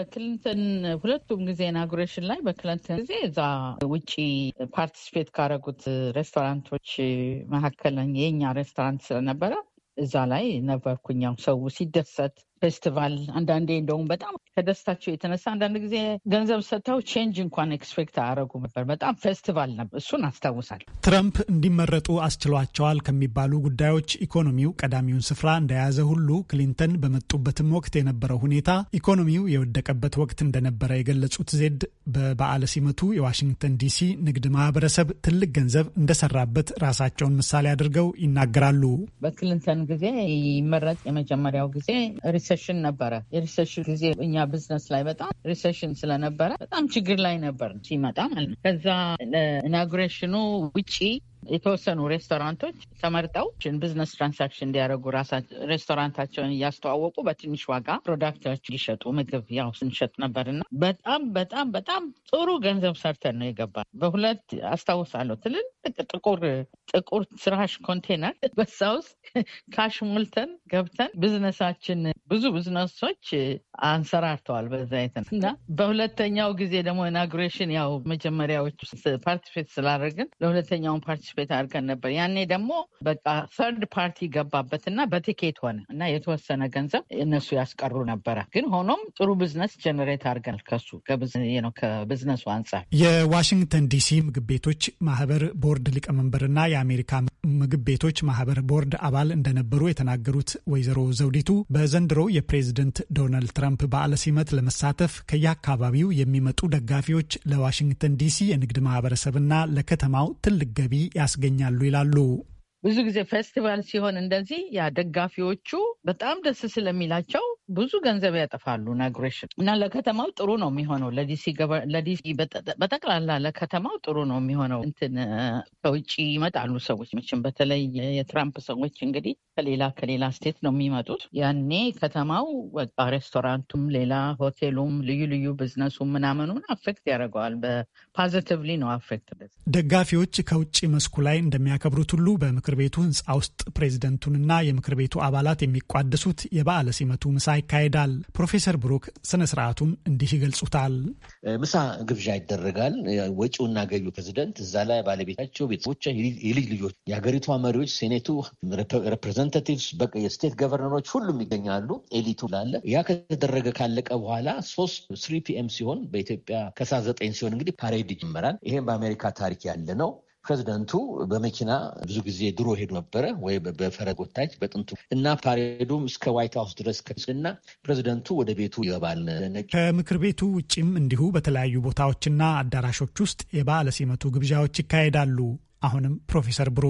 በክሊንተን ሁለቱም ጊዜ ኢናጉሬሽን ላይ በክሊንተን ጊዜ እዛ ውጪ ፓርቲስፔት ካረጉት ሬስቶራንቶች መካከል የኛ ሬስቶራንት ስለነበረ እዛ ላይ ነበርኩኛው ሰው ሲደሰት ፌስቲቫል አንዳንዴ እንደውም በጣም ከደስታቸው የተነሳ አንዳንድ ጊዜ ገንዘብ ሰጥተው ቼንጅ እንኳን ኤክስፔክት አረጉ ነበር። በጣም ፌስቲቫል ነበር። እሱን አስታውሳል። ትረምፕ እንዲመረጡ አስችሏቸዋል ከሚባሉ ጉዳዮች ኢኮኖሚው ቀዳሚውን ስፍራ እንደያዘ ሁሉ ክሊንተን በመጡበትም ወቅት የነበረው ሁኔታ ኢኮኖሚው የወደቀበት ወቅት እንደነበረ የገለጹት ዜድ በበዓለ ሲመቱ የዋሽንግተን ዲሲ ንግድ ማህበረሰብ ትልቅ ገንዘብ እንደሰራበት ራሳቸውን ምሳሌ አድርገው ይናገራሉ። በክሊንተን ጊዜ ይመረጥ የመጀመሪያው ጊዜ ሪሴሽን ነበረ። የሪሴሽን ጊዜ እኛ ቢዝነስ ላይ በጣም ሪሴሽን ስለነበረ በጣም ችግር ላይ ነበር ሲመጣ ማለት ነው። ከዛ ኢናጉሬሽኑ ውጪ የተወሰኑ ሬስቶራንቶች ተመርጠው ቢዝነስ ትራንሳክሽን እንዲያደርጉ ሬስቶራንታቸውን እያስተዋወቁ በትንሽ ዋጋ ፕሮዳክቶች ሊሸጡ ምግብ ያው ስንሸጥ ነበር እና በጣም በጣም በጣም ጥሩ ገንዘብ ሰርተን ነው የገባ። በሁለት አስታውሳለሁ ትልልቅ ጥቁር ጥቁር ስራሽ ኮንቴነር በዛ ውስጥ ካሽ ሞልተን ገብተን ቢዝነሳችን ብዙ ቢዝነሶች አንሰራርተዋል በዛ የተነሳ እና በሁለተኛው ጊዜ ደግሞ ኢናጉሬሽን ያው መጀመሪያዎች ፓርቲስፔት ስላደረግን ለሁለተኛውን ፓርቲስፔት አድርገን ነበር። ያኔ ደግሞ በቃ ሰርድ ፓርቲ ገባበት እና በቲኬት ሆነ እና የተወሰነ ገንዘብ እነሱ ያስቀሩ ነበረ። ግን ሆኖም ጥሩ ቢዝነስ ጀነሬት አድርገናል ከሱ ከቢዝነሱ አንጻር። የዋሽንግተን ዲሲ ምግብ ቤቶች ማህበር ቦርድ ሊቀመንበርና የአሜሪካ ምግብ ቤቶች ማህበር ቦርድ አባል እንደነበሩ የተናገሩት ወይዘሮ ዘውዲቱ በዘንድሮው የፕሬዚደንት ዶናልድ ትራምፕ የትራምፕ በዓለ ሲመት ለመሳተፍ ከየአካባቢው የሚመጡ ደጋፊዎች ለዋሽንግተን ዲሲ የንግድ ማህበረሰብና ለከተማው ትልቅ ገቢ ያስገኛሉ ይላሉ። ብዙ ጊዜ ፌስቲቫል ሲሆን እንደዚህ ያ ደጋፊዎቹ በጣም ደስ ስለሚላቸው ብዙ ገንዘብ ያጠፋሉ ኢናጉሬሽን እና ለከተማው ጥሩ ነው የሚሆነው። ለዲሲ ለዲሲ በጠቅላላ ለከተማው ጥሩ ነው የሚሆነው። እንትን ከውጭ ይመጣሉ ሰዎች መቼም በተለይ የትራምፕ ሰዎች እንግዲህ ከሌላ ከሌላ ስቴት ነው የሚመጡት። ያኔ ከተማው በቃ ሬስቶራንቱም፣ ሌላ ሆቴሉም፣ ልዩ ልዩ ቢዝነሱም ምናምኑን አፌክት ያደርገዋል። በፖዚቲቭሊ ነው አፌክት ደጋፊዎች ከውጭ መስኩ ላይ እንደሚያከብሩት ሁሉ በምክር ቤቱ ህንፃ ውስጥ ፕሬዚደንቱንና የምክር ቤቱ አባላት የሚቋደሱት የበዓለ ሲመቱ ምሳ ይካሄዳል። ፕሮፌሰር ብሩክ ስነ ስርዓቱን እንዲህ ይገልጹታል። ምሳ ግብዣ ይደረጋል። ወጪውና ገቢው ፕሬዝደንት እዛ ላይ ባለቤታቸው፣ ቤተሰቦች፣ የልጅ ልጆች፣ የሀገሪቷ መሪዎች፣ ሴኔቱ ሬፕሬዘንታቲቭስ፣ በቃ የስቴት ገቨርነሮች ሁሉም ይገኛሉ። ኤሊቱ ላለ ያ ከተደረገ ካለቀ በኋላ ሶስት ስሪ ፒኤም ሲሆን በኢትዮጵያ ከሳ ዘጠኝ ሲሆን እንግዲህ ፓሬድ ይጀመራል። ይሄም በአሜሪካ ታሪክ ያለ ነው። ፕሬዚደንቱ በመኪና ብዙ ጊዜ ድሮ ሄዱ ነበረ ወይ በፈረግ ወታች በጥንቱ እና ፓሬዱም እስከ ዋይት ሀውስ ድረስ ከና ፕሬዚደንቱ ወደ ቤቱ ይገባል። ከምክር ቤቱ ውጭም እንዲሁ በተለያዩ ቦታዎችና አዳራሾች ውስጥ የበዓለ ሲመቱ ግብዣዎች ይካሄዳሉ። አሁንም ፕሮፌሰር ብሩ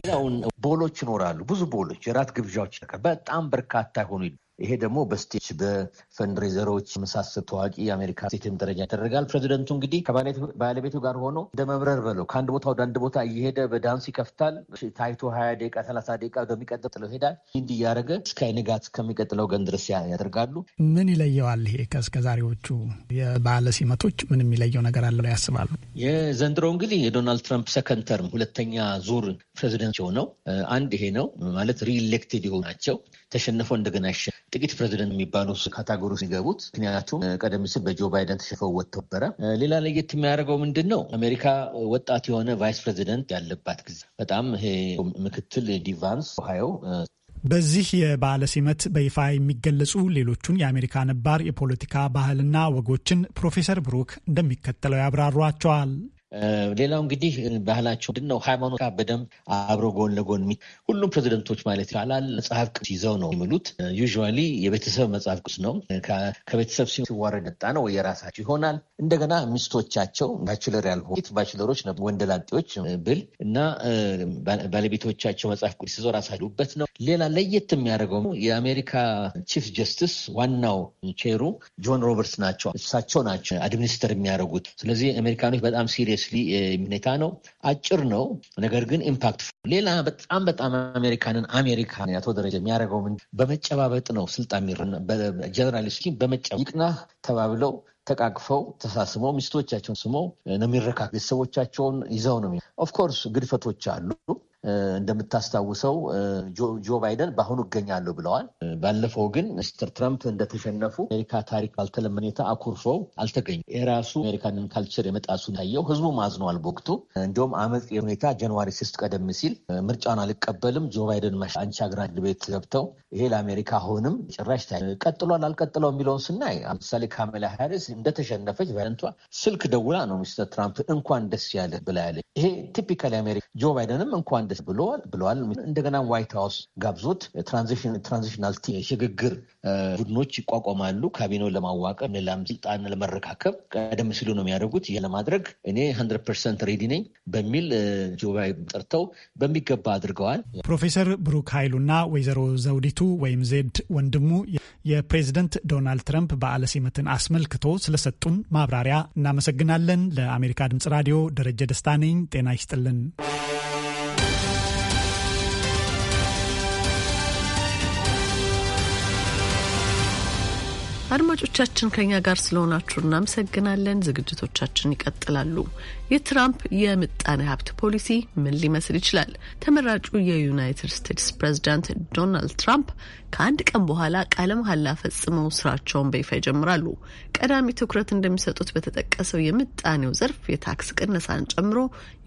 ቦሎች ይኖራሉ። ብዙ ቦሎች፣ የራት ግብዣዎች በጣም በርካታ የሆኑ ይሄ ደግሞ በስቴች በፈንድሬዘሮች መሳሰል ታዋቂ የአሜሪካ ሴትም ደረጃ ያደረጋል። ፕሬዚደንቱ እንግዲህ ከባለቤቱ ጋር ሆኖ እንደ መብረር በለው ከአንድ ቦታ ወደ አንድ ቦታ እየሄደ በዳንስ ይከፍታል። ታይቶ ሀያ ደቂቃ ሰላሳ ደቂቃ ወደሚቀጥለው ይሄዳል። እንዲ እያደረገ እስከ ንጋት ከሚቀጥለው ገን ድረስ ያደርጋሉ። ምን ይለየዋል? ይሄ ከእስከዛሬዎቹ የባለ ሲመቶች ምን የሚለየው ነገር አለ ያስባሉ? የዘንድሮ እንግዲህ የዶናልድ ትራምፕ ሰከንድ ተርም ሁለተኛ ዙር ፕሬዚደንት የሆነው አንድ ይሄ ነው ማለት ሪኤሌክትድ የሆናቸው ተሸንፈው እንደገና ይሸ ጥቂት ፕሬዚደንት የሚባሉ ካታጎሪ ሲገቡት ምክንያቱም ቀደም ሲል በጆ ባይደን ተሸፈው ወጥተው ነበረ። ሌላ ለየት የሚያደርገው ምንድን ነው? አሜሪካ ወጣት የሆነ ቫይስ ፕሬዚደንት ያለባት ጊዜ በጣም ምክትል ዲቫንስ ኦሃዮ በዚህ የበዓለ ሲመት በይፋ የሚገለጹ ሌሎቹን የአሜሪካ ነባር የፖለቲካ ባህልና ወጎችን ፕሮፌሰር ብሩክ እንደሚከተለው ያብራሯቸዋል። ሌላው እንግዲህ ባህላቸው ምንድን ነው? ሃይማኖት ጋር በደንብ አብሮ ጎን ለጎን ሁሉም ፕሬዚደንቶች ማለት ይቻላል መጽሐፍ ቅዱስ ይዘው ነው የሚሉት። ዩዥዋሊ የቤተሰብ መጽሐፍ ቅዱስ ነው። ከቤተሰብ ሲዋረድ መጣ ነው የራሳቸው ይሆናል። እንደገና ሚስቶቻቸው ባችለር ያልሆኑት ባችለሮች፣ ወንደላጤዎች ብል እና ባለቤቶቻቸው መጽሐፍ ቅዱስ ይዘው ራሳቸው ሉበት ነው። ሌላ ለየት የሚያደርገው የአሜሪካ ቺፍ ጀስቲስ ዋናው ቼሩ ጆን ሮበርትስ ናቸው። እሳቸው ናቸው አድሚኒስተር የሚያደርጉት። ስለዚህ አሜሪካኖች በጣም ሲሪየስ ኦብቪየስሊ ሁኔታ ነው። አጭር ነው፣ ነገር ግን ኢምፓክት ሌላ በጣም በጣም አሜሪካንን አሜሪካ አቶ ደረጃ የሚያደርገው በመጨባበጥ ነው። ስልጣን ጀነራል ስኪ በመጨባ ይቅና ተባብለው ተቃቅፈው ተሳስመው ሚስቶቻቸውን ስመው ነው የሚረካ ቤተሰቦቻቸውን ይዘው ነው። ኦፍኮርስ ግድፈቶች አሉ እንደምታስታውሰው ጆ ባይደን በአሁኑ እገኛለሁ ብለዋል። ባለፈው ግን ሚስተር ትራምፕ እንደተሸነፉ አሜሪካ ታሪክ ባልተለመደ ሁኔታ አኩርፈው አልተገኙ። የራሱ አሜሪካንን ካልቸር የመጣሱ ታየው። ህዝቡ ማዝነዋል። በወቅቱ እንዲሁም አመፅ ሁኔታ ጃንዋሪ ስስት ቀደም ሲል ምርጫን አልቀበልም ጆ ባይደን አንቺ ሀገር ቤት ገብተው ይሄ ለአሜሪካ አሁንም ጭራሽ ቀጥሏል አልቀጥለው የሚለውን ስናይ ምሳሌ ካሜላ ሃሪስ እንደተሸነፈች ባይደንቷ ስልክ ደውላ ነው ሚስተር ትራምፕ እንኳን ደስ ያለ ብላ ያለ ይሄ ቲፒካል አሜሪካ ጆ ባይደንም እንኳን እንደዚህ ብለዋል ብለዋል። እንደገና ዋይት ሀውስ ጋብዞት ትራንዚሽናል ሽግግር ቡድኖች ይቋቋማሉ። ካቢኔውን ለማዋቀር ሌላም ስልጣን ለመረካከብ ቀደም ሲሉ ነው የሚያደርጉት። ይህ ለማድረግ እኔ ሀንድረድ ፐርሰንት ሬዲ ነኝ በሚል ጆባይ ጠርተው በሚገባ አድርገዋል። ፕሮፌሰር ብሩክ ኃይሉና ወይዘሮ ዘውዲቱ ወይም ዜድ ወንድሙ የፕሬዚደንት ዶናልድ ትረምፕ በዓለ ሲመትን አስመልክቶ ስለሰጡን ማብራሪያ እናመሰግናለን። ለአሜሪካ ድምጽ ራዲዮ ደረጀ ደስታ ነኝ። ጤና ይስጥልን። አድማጮቻችን ከኛ ጋር ስለሆናችሁ እናመሰግናለን። ዝግጅቶቻችን ይቀጥላሉ። የትራምፕ የምጣኔ ሀብት ፖሊሲ ምን ሊመስል ይችላል? ተመራጩ የዩናይትድ ስቴትስ ፕሬዝዳንት ዶናልድ ትራምፕ ከአንድ ቀን በኋላ ቃለ መሐላ ፈጽመው ስራቸውን በይፋ ይጀምራሉ። ቀዳሚ ትኩረት እንደሚሰጡት በተጠቀሰው የምጣኔው ዘርፍ የታክስ ቅነሳን ጨምሮ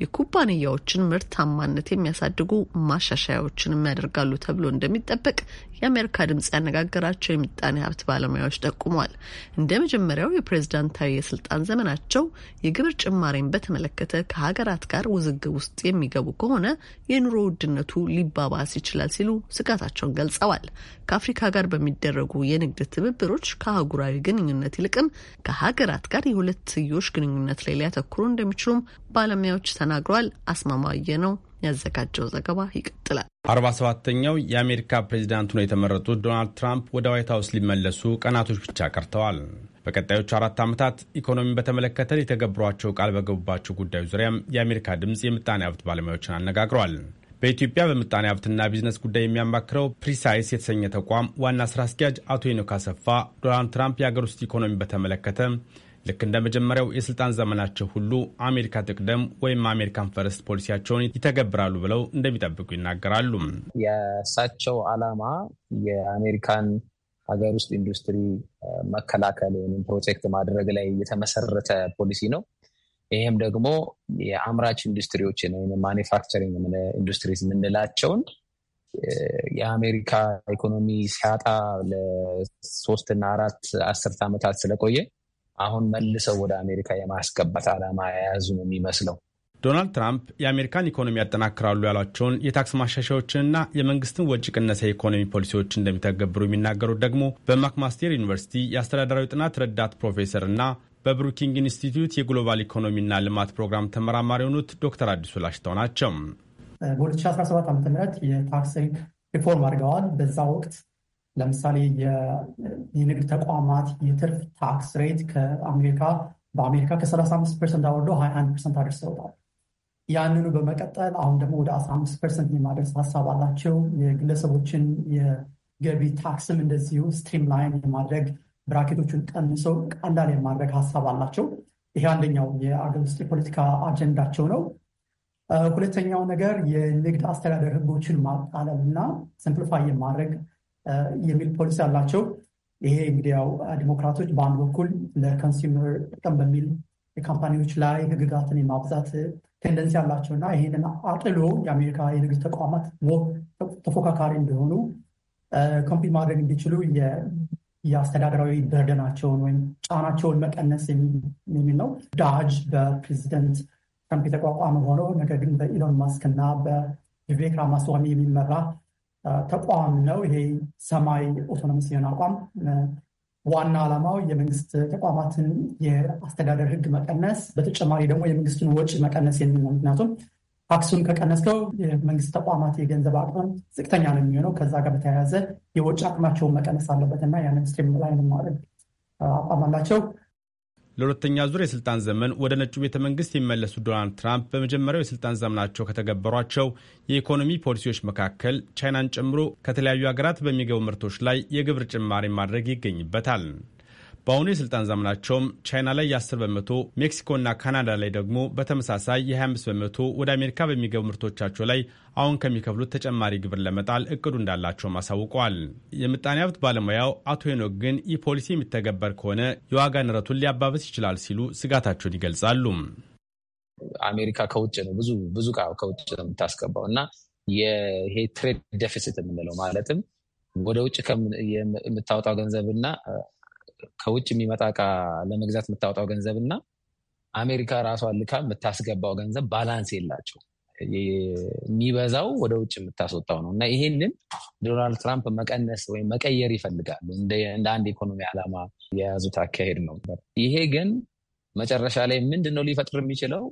የኩባንያዎችን ምርታማነት የሚያሳድጉ ማሻሻያዎችንም ያደርጋሉ ተብሎ እንደሚጠበቅ የአሜሪካ ድምጽ ያነጋገራቸው የምጣኔ ሀብት ባለሙያዎች ጠቁመዋል። እንደ መጀመሪያው የፕሬዝዳንታዊ የስልጣን ዘመናቸው የግብር ጭማሬን በት በተመለከተ ከሀገራት ጋር ውዝግብ ውስጥ የሚገቡ ከሆነ የኑሮ ውድነቱ ሊባባስ ይችላል ሲሉ ስጋታቸውን ገልጸዋል። ከአፍሪካ ጋር በሚደረጉ የንግድ ትብብሮች ከአህጉራዊ ግንኙነት ይልቅም ከሀገራት ጋር የሁለትዮሽ ግንኙነት ላይ ሊያተኩሩ እንደሚችሉም ባለሙያዎች ተናግረዋል። አስማማየ ነው ያዘጋጀው ዘገባ ይቀጥላል። አርባ ሰባተኛው የአሜሪካ ፕሬዚዳንት ሆነው የተመረጡት ዶናልድ ትራምፕ ወደ ዋይት ሀውስ ሊመለሱ ቀናቶች ብቻ ቀርተዋል። በቀጣዮቹ አራት ዓመታት ኢኮኖሚን በተመለከተ የተገብሯቸው ቃል በገቡባቸው ጉዳዮች ዙሪያም የአሜሪካ ድምፅ የምጣኔ ሀብት ባለሙያዎችን አነጋግሯል። በኢትዮጵያ በምጣኔ ሀብትና ቢዝነስ ጉዳይ የሚያማክረው ፕሪሳይስ የተሰኘ ተቋም ዋና ስራ አስኪያጅ አቶ ሄኖክ አሰፋ ዶናልድ ትራምፕ የአገር ውስጥ ኢኮኖሚ በተመለከተ ልክ እንደ መጀመሪያው የስልጣን ዘመናቸው ሁሉ አሜሪካ ትቅደም ወይም አሜሪካን ፈርስት ፖሊሲያቸውን ይተገብራሉ ብለው እንደሚጠብቁ ይናገራሉ። የእሳቸው ዓላማ የአሜሪካን ሀገር ውስጥ ኢንዱስትሪ መከላከል ወይም ፕሮቴክት ማድረግ ላይ የተመሰረተ ፖሊሲ ነው። ይህም ደግሞ የአምራች ኢንዱስትሪዎችን ወይም ማኒፋክቸሪንግ ኢንዱስትሪዝ የምንላቸውን የአሜሪካ ኢኮኖሚ ሲያጣ ለሶስትና አራት አስርት ዓመታት ስለቆየ አሁን መልሰው ወደ አሜሪካ የማስገባት ዓላማ የያዙ ነው የሚመስለው። ዶናልድ ትራምፕ የአሜሪካን ኢኮኖሚ ያጠናክራሉ ያሏቸውን የታክስ ማሻሻያዎችንና የመንግስትን ወጪ ቅነሳ የኢኮኖሚ ፖሊሲዎች እንደሚተገብሩ የሚናገሩት ደግሞ በማክማስቴር ዩኒቨርሲቲ የአስተዳደራዊ ጥናት ረዳት ፕሮፌሰር እና በብሩኪንግ ኢንስቲትዩት የግሎባል ኢኮኖሚና ልማት ፕሮግራም ተመራማሪ የሆኑት ዶክተር አዲሱ ላሽተው ናቸው። በ2017 ዓ ም የታክሲንግ ሪፎርም አድርገዋል። በዛ ወቅት ለምሳሌ የንግድ ተቋማት የትርፍ ታክስ ሬት ከአሜሪካ በአሜሪካ ከ35 ፐርሰንት አወርዶ 21 ፐርሰንት አድርሰውታል። ያንኑ በመቀጠል አሁን ደግሞ ወደ 15 ፐርሰንት የማድረስ ሀሳብ አላቸው። የግለሰቦችን የገቢ ታክስም እንደዚሁ ስትሪም ላይን የማድረግ ብራኬቶቹን ቀንሰው ቀላል የማድረግ ሀሳብ አላቸው። ይሄ አንደኛው የአገር ውስጥ የፖለቲካ አጀንዳቸው ነው። ሁለተኛው ነገር የንግድ አስተዳደር ህጎችን ማቃለል እና ስምፕልፋይ የማድረግ የሚል ፖሊሲ አላቸው። ይሄ እንግዲያው ዲሞክራቶች በአንድ በኩል ለኮንሱመር ጥቅም በሚል የካምፓኒዎች ላይ ህግጋትን የማብዛት ቴንደንስ ያላቸው እና ይህንን አጥሎ የአሜሪካ የንግድ ተቋማት ተፎካካሪ እንደሆኑ ኮምፒት ማድረግ እንዲችሉ የአስተዳደራዊ በርደናቸውን ወይም ጫናቸውን መቀነስ የሚል ነው። ዳጅ በፕሬዚደንት ትራምፕ የተቋቋመ ሆኖ ነገር ግን በኢሎን ማስክ እና በቪቬክ ራማስዋሚ የሚመራ ተቋም ነው። ይሄ ሰማይ ኦቶኖሚስ የሆነ አቋም ዋና ዓላማው የመንግስት ተቋማትን የአስተዳደር ህግ መቀነስ፣ በተጨማሪ ደግሞ የመንግስትን ወጪ መቀነስ የሚል ነው። ምክንያቱም ታክሱን ከቀነስከው የመንግስት ተቋማት የገንዘብ አቅምም ዝቅተኛ ነው የሚሆነው። ከዛ ጋር በተያያዘ የወጪ አቅማቸውን መቀነስ አለበት እና ያንን ስቴም ላይ ማድረግ አቋም አላቸው። ለሁለተኛ ዙር የስልጣን ዘመን ወደ ነጩ ቤተ መንግስት የሚመለሱ ዶናልድ ትራምፕ በመጀመሪያው የስልጣን ዘመናቸው ከተገበሯቸው የኢኮኖሚ ፖሊሲዎች መካከል ቻይናን ጨምሮ ከተለያዩ ሀገራት በሚገቡ ምርቶች ላይ የግብር ጭማሪ ማድረግ ይገኝበታል። በአሁኑ የስልጣን ዘመናቸውም ቻይና ላይ የ10 በመቶ ሜክሲኮና ካናዳ ላይ ደግሞ በተመሳሳይ የ25 በመቶ ወደ አሜሪካ በሚገቡ ምርቶቻቸው ላይ አሁን ከሚከፍሉት ተጨማሪ ግብር ለመጣል እቅዱ እንዳላቸውም አሳውቀዋል። የምጣኔ ሀብት ባለሙያው አቶ ሄኖክ ግን ይህ ፖሊሲ የሚተገበር ከሆነ የዋጋ ንረቱን ሊያባብስ ይችላል ሲሉ ስጋታቸውን ይገልጻሉ። አሜሪካ ከውጭ ነው ብዙ ብዙ ዕቃ ከውጭ ነው የምታስገባው እና ይሄ ትሬድ ደፊሲት የምንለው ማለትም ወደ ውጭ የምታወጣው ገንዘብና ከውጭ የሚመጣ እቃ ለመግዛት የምታወጣው ገንዘብ እና አሜሪካ ራሷ ልካ የምታስገባው ገንዘብ ባላንስ የላቸው። የሚበዛው ወደ ውጭ የምታስወጣው ነው እና ይሄንን ዶናልድ ትራምፕ መቀነስ ወይም መቀየር ይፈልጋሉ። እንደ አንድ ኢኮኖሚ ዓላማ የያዙት አካሄድ ነው። ይሄ ግን መጨረሻ ላይ ምንድን ነው ሊፈጥር የሚችለው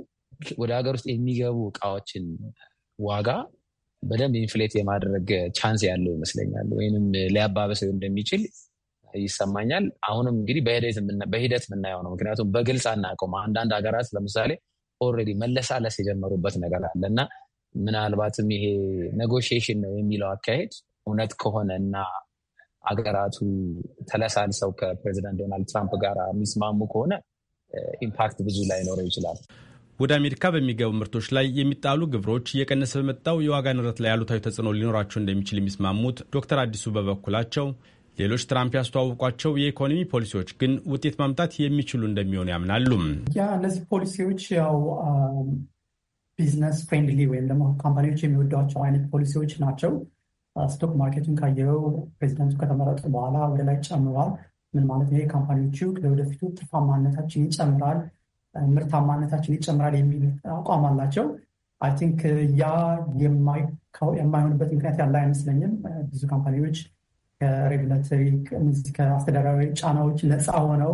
ወደ ሀገር ውስጥ የሚገቡ እቃዎችን ዋጋ በደንብ ኢንፍሌት የማድረግ ቻንስ ያለው ይመስለኛል። ወይም ሊያባበሰው እንደሚችል ይሰማኛል። አሁንም እንግዲህ በሂደት የምናየው ነው። ምክንያቱም በግልጽ አናውቀውም። አንዳንድ ሀገራት ለምሳሌ ኦልሬዲ መለሳለስ የጀመሩበት ነገር አለ እና ምናልባትም ይሄ ኔጎሽዬሽን ነው የሚለው አካሄድ እውነት ከሆነ እና አገራቱ ተለሳልሰው ከፕሬዚዳንት ዶናልድ ትራምፕ ጋር የሚስማሙ ከሆነ ኢምፓክት ብዙ ላይኖረው ይችላል። ወደ አሜሪካ በሚገቡ ምርቶች ላይ የሚጣሉ ግብሮች እየቀነሰ በመጣው የዋጋ ንረት ላይ አሉታዊ ተጽዕኖ ሊኖራቸው እንደሚችል የሚስማሙት ዶክተር አዲሱ በበኩላቸው ሌሎች ትራምፕ ያስተዋውቋቸው የኢኮኖሚ ፖሊሲዎች ግን ውጤት ማምጣት የሚችሉ እንደሚሆኑ ያምናሉ። ያ እነዚህ ፖሊሲዎች ያው ቢዝነስ um, ፍሬንድሊ ወይም ደግሞ ካምፓኒዎች የሚወዷቸው አይነት ፖሊሲዎች ናቸው። ስቶክ ማርኬቱን ካየው ፕሬዚደንቱ ከተመረጡ በኋላ ወደ ላይ ጨምሯል። ምን ማለት ነው? ካምፓኒዎቹ ለወደፊቱ ትርፋማነታችን ይጨምራል፣ uh, ምርታማነታችን ይጨምራል የሚል አቋም አላቸው። አይ ቲንክ uh, ያ የማይሆንበት ምክንያት ያለ አይመስለኝም uh, ብዙ ካምፓኒዎች ከሬጉላተሪ እነዚህ ከአስተዳደራዊ ጫናዎች ነፃ ሆነው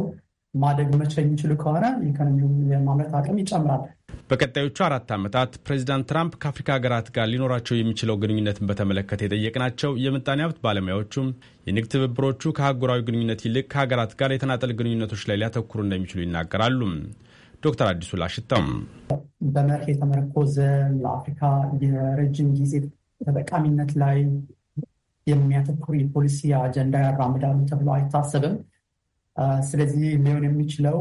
ማደግ መቼ የሚችሉ ከሆነ ኢኮኖሚው የማምረት አቅም ይጨምራል። በቀጣዮቹ አራት ዓመታት ፕሬዚዳንት ትራምፕ ከአፍሪካ ሀገራት ጋር ሊኖራቸው የሚችለው ግንኙነትን በተመለከተ የጠየቅናቸው የምጣኔ ሀብት ባለሙያዎቹም የንግድ ትብብሮቹ ከአህጉራዊ ግንኙነት ይልቅ ከሀገራት ጋር የተናጠል ግንኙነቶች ላይ ሊያተኩሩ እንደሚችሉ ይናገራሉ። ዶክተር አዲሱ ላሽተም በመርህ የተመረኮዘ ለአፍሪካ የረጅም ጊዜ ተጠቃሚነት ላይ የሚያተኩር የፖሊሲ አጀንዳ ያራምዳሉ ተብሎ አይታሰብም። ስለዚህ ሊሆን የሚችለው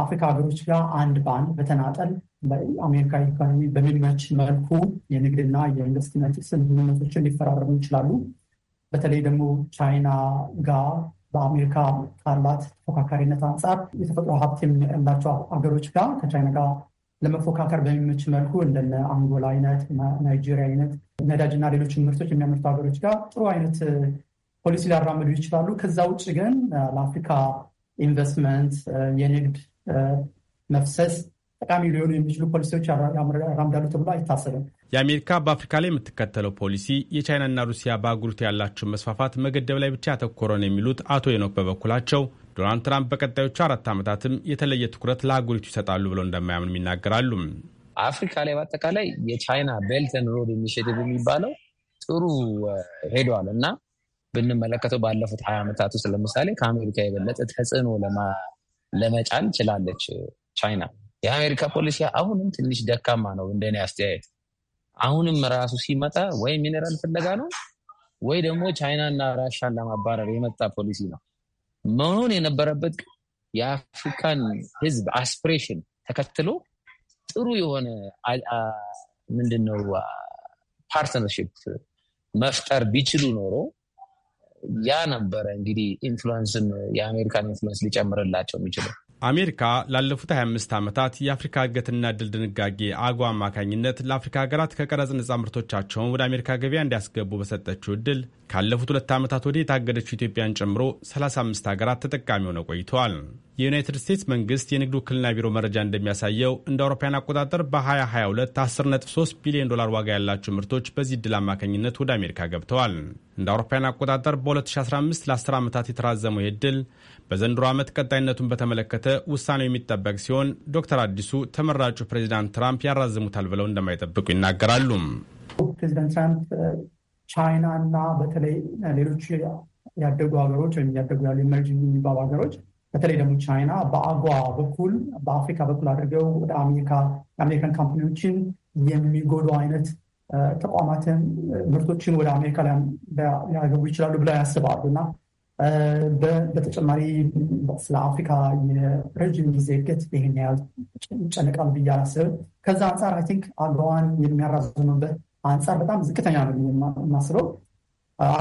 አፍሪካ ሀገሮች ጋር አንድ በአንድ በተናጠል በአሜሪካ ኢኮኖሚ በሚመች መልኩ የንግድና የኢንቨስትመንት ስምምነቶችን ሊፈራረሙ ይችላሉ። በተለይ ደግሞ ቻይና ጋር በአሜሪካ ካላት ተፎካካሪነት አንጻር የተፈጥሮ ሀብት የሚያቀላቸው ሀገሮች ጋር ከቻይና ጋር ለመፎካከር በሚመች መልኩ እንደነ አንጎላ አይነት፣ ናይጄሪያ አይነት ነዳጅ እና ሌሎችን ምርቶች የሚያመርቱ ሀገሮች ጋር ጥሩ አይነት ፖሊሲ ሊያራምዱ ይችላሉ። ከዛ ውጭ ግን ለአፍሪካ ኢንቨስትመንት የንግድ መፍሰስ ጠቃሚ ሊሆኑ የሚችሉ ፖሊሲዎች ያራምዳሉ ተብሎ አይታሰብም። የአሜሪካ በአፍሪካ ላይ የምትከተለው ፖሊሲ የቻይናና ሩሲያ በአህጉሪቱ ያላቸውን መስፋፋት መገደብ ላይ ብቻ ያተኮረ ነው የሚሉት አቶ የኖክ በበኩላቸው ዶናልድ ትራምፕ በቀጣዮቹ አራት ዓመታትም የተለየ ትኩረት ለአህጉሪቱ ይሰጣሉ ብለው እንደማያምኑ ይናገራሉ። አፍሪካ ላይ በአጠቃላይ የቻይና ቤልትን ሮድ ኢኒሽቲቭ የሚባለው ጥሩ ሄዷል እና ብንመለከተው ባለፉት ሀያ ዓመታት ውስጥ ለምሳሌ ከአሜሪካ የበለጠ ተጽዕኖ ለመጫን ችላለች ቻይና የአሜሪካ ፖሊሲ አሁንም ትንሽ ደካማ ነው እንደኔ አስተያየት። አሁንም ራሱ ሲመጣ ወይ ሚኔራል ፍለጋ ነው ወይ ደግሞ ቻይናና ራሻን ለማባረር የመጣ ፖሊሲ ነው መሆን የነበረበት። የአፍሪካን ሕዝብ አስፒሬሽን ተከትሎ ጥሩ የሆነ ምንድነው ፓርትነርሽፕ መፍጠር ቢችሉ ኖሮ ያ ነበረ እንግዲህ ኢንፍሉንስን የአሜሪካን ኢንፍሉንስ ሊጨምርላቸው የሚችለው። አሜሪካ ላለፉት 25 ዓመታት የአፍሪካ እድገትና እድል ድንጋጌ አጎ አማካኝነት ለአፍሪካ ሀገራት ከቀረጽ ነጻ ምርቶቻቸውን ወደ አሜሪካ ገበያ እንዲያስገቡ በሰጠችው እድል ካለፉት ሁለት ዓመታት ወዲህ የታገደችው ኢትዮጵያን ጨምሮ 35 ሀገራት ተጠቃሚ ሆነው ቆይተዋል። የዩናይትድ ስቴትስ መንግስት የንግድ ውክልና ቢሮ መረጃ እንደሚያሳየው እንደ አውሮፓውያን አቆጣጠር በ2022 10.3 ቢሊዮን ዶላር ዋጋ ያላቸው ምርቶች በዚህ ድል አማካኝነት ወደ አሜሪካ ገብተዋል። እንደ አውሮፓውያን አቆጣጠር በ2015 ለ10 ዓመታት የተራዘመው ይህ ድል በዘንድሮ ዓመት ቀጣይነቱን በተመለከተ ውሳኔው የሚጠበቅ ሲሆን ዶክተር አዲሱ ተመራጩ ፕሬዚዳንት ትራምፕ ያራዝሙታል ብለው እንደማይጠብቁ ይናገራሉ። ፕሬዚዳንት ትራምፕ ቻይና እና በተለይ ሌሎች ያደጉ ሀገሮች ወይም ያደጉ ያሉ ኢመርጂንግ የሚባሉ ሀገሮች በተለይ ደግሞ ቻይና በአጓ በኩል በአፍሪካ በኩል አድርገው ወደ አሜሪካ የአሜሪካን ካምፓኒዎችን የሚጎዱ አይነት ተቋማትን ምርቶችን ወደ አሜሪካ ሊያገቡ ይችላሉ ብለው ያስባሉ እና በተጨማሪ ስለ አፍሪካ የረዥም ጊዜ እድገት ይህን ያህል ይጨነቃሉ ብዬ አላስብም። ከዛ አንጻር አይ ቲንክ አጓዋን የሚያራዘምበት አንጻር በጣም ዝቅተኛ ነው የማስበው።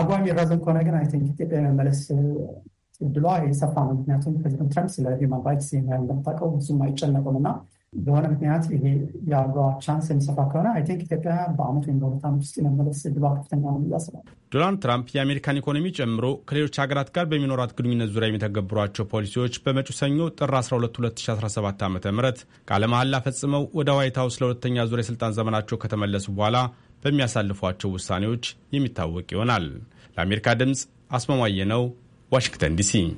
አጓ የሚራዘም ከሆነ ግን አይ ቲንክ ኢትዮጵያ መመለስ እድሏ የሰፋ ነው። ምክንያቱም ፕሬዚደንት ትራምፕ ስለ ሂውማን ራይትስ እንደምታውቀው ብዙም አይጨነቁም እና በሆነ ምክንያት ይሄ የአገሯ ቻንስ የሚሰፋ ከሆነ አይ ቲንክ ኢትዮጵያ በአመት ወይም በሁለት አመት ውስጥ የመመለስ እድሏ ከፍተኛ ነው ያስባል። ዶናልድ ትራምፕ የአሜሪካን ኢኮኖሚ ጨምሮ ከሌሎች ሀገራት ጋር በሚኖራት ግንኙነት ዙሪያ የሚተገብሯቸው ፖሊሲዎች በመጪው ሰኞ ጥር 12 2017 ዓ ም ቃለ መሐላ ፈጽመው ወደ ዋይት ሀውስ ለሁለተኛ ዙር የስልጣን ዘመናቸው ከተመለሱ በኋላ በሚያሳልፏቸው ውሳኔዎች የሚታወቅ ይሆናል። ለአሜሪካ ድምፅ አስማማየ ነው Washington DC.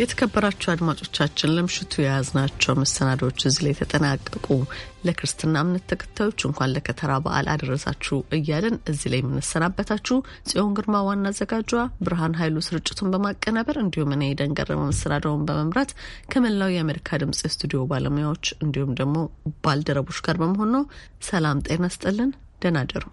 የተከበራችሁ አድማጮቻችን ለምሽቱ የያዝናቸው መሰናዶዎች እዚህ ላይ ተጠናቀቁ። ለክርስትና እምነት ተከታዮች እንኳን ለከተራ በዓል አደረሳችሁ እያለን እዚህ ላይ የምንሰናበታችሁ ጽዮን ግርማ፣ ዋና አዘጋጇ ብርሃን ኃይሉ ስርጭቱን በማቀናበር እንዲሁም እኔ ደንገረመ መሰናዳውን በመምራት ከመላው የአሜሪካ ድምጽ የስቱዲዮ ባለሙያዎች እንዲሁም ደግሞ ባልደረቦች ጋር በመሆን ነው። ሰላም ጤና ስጠልን። ደህና ደሩ።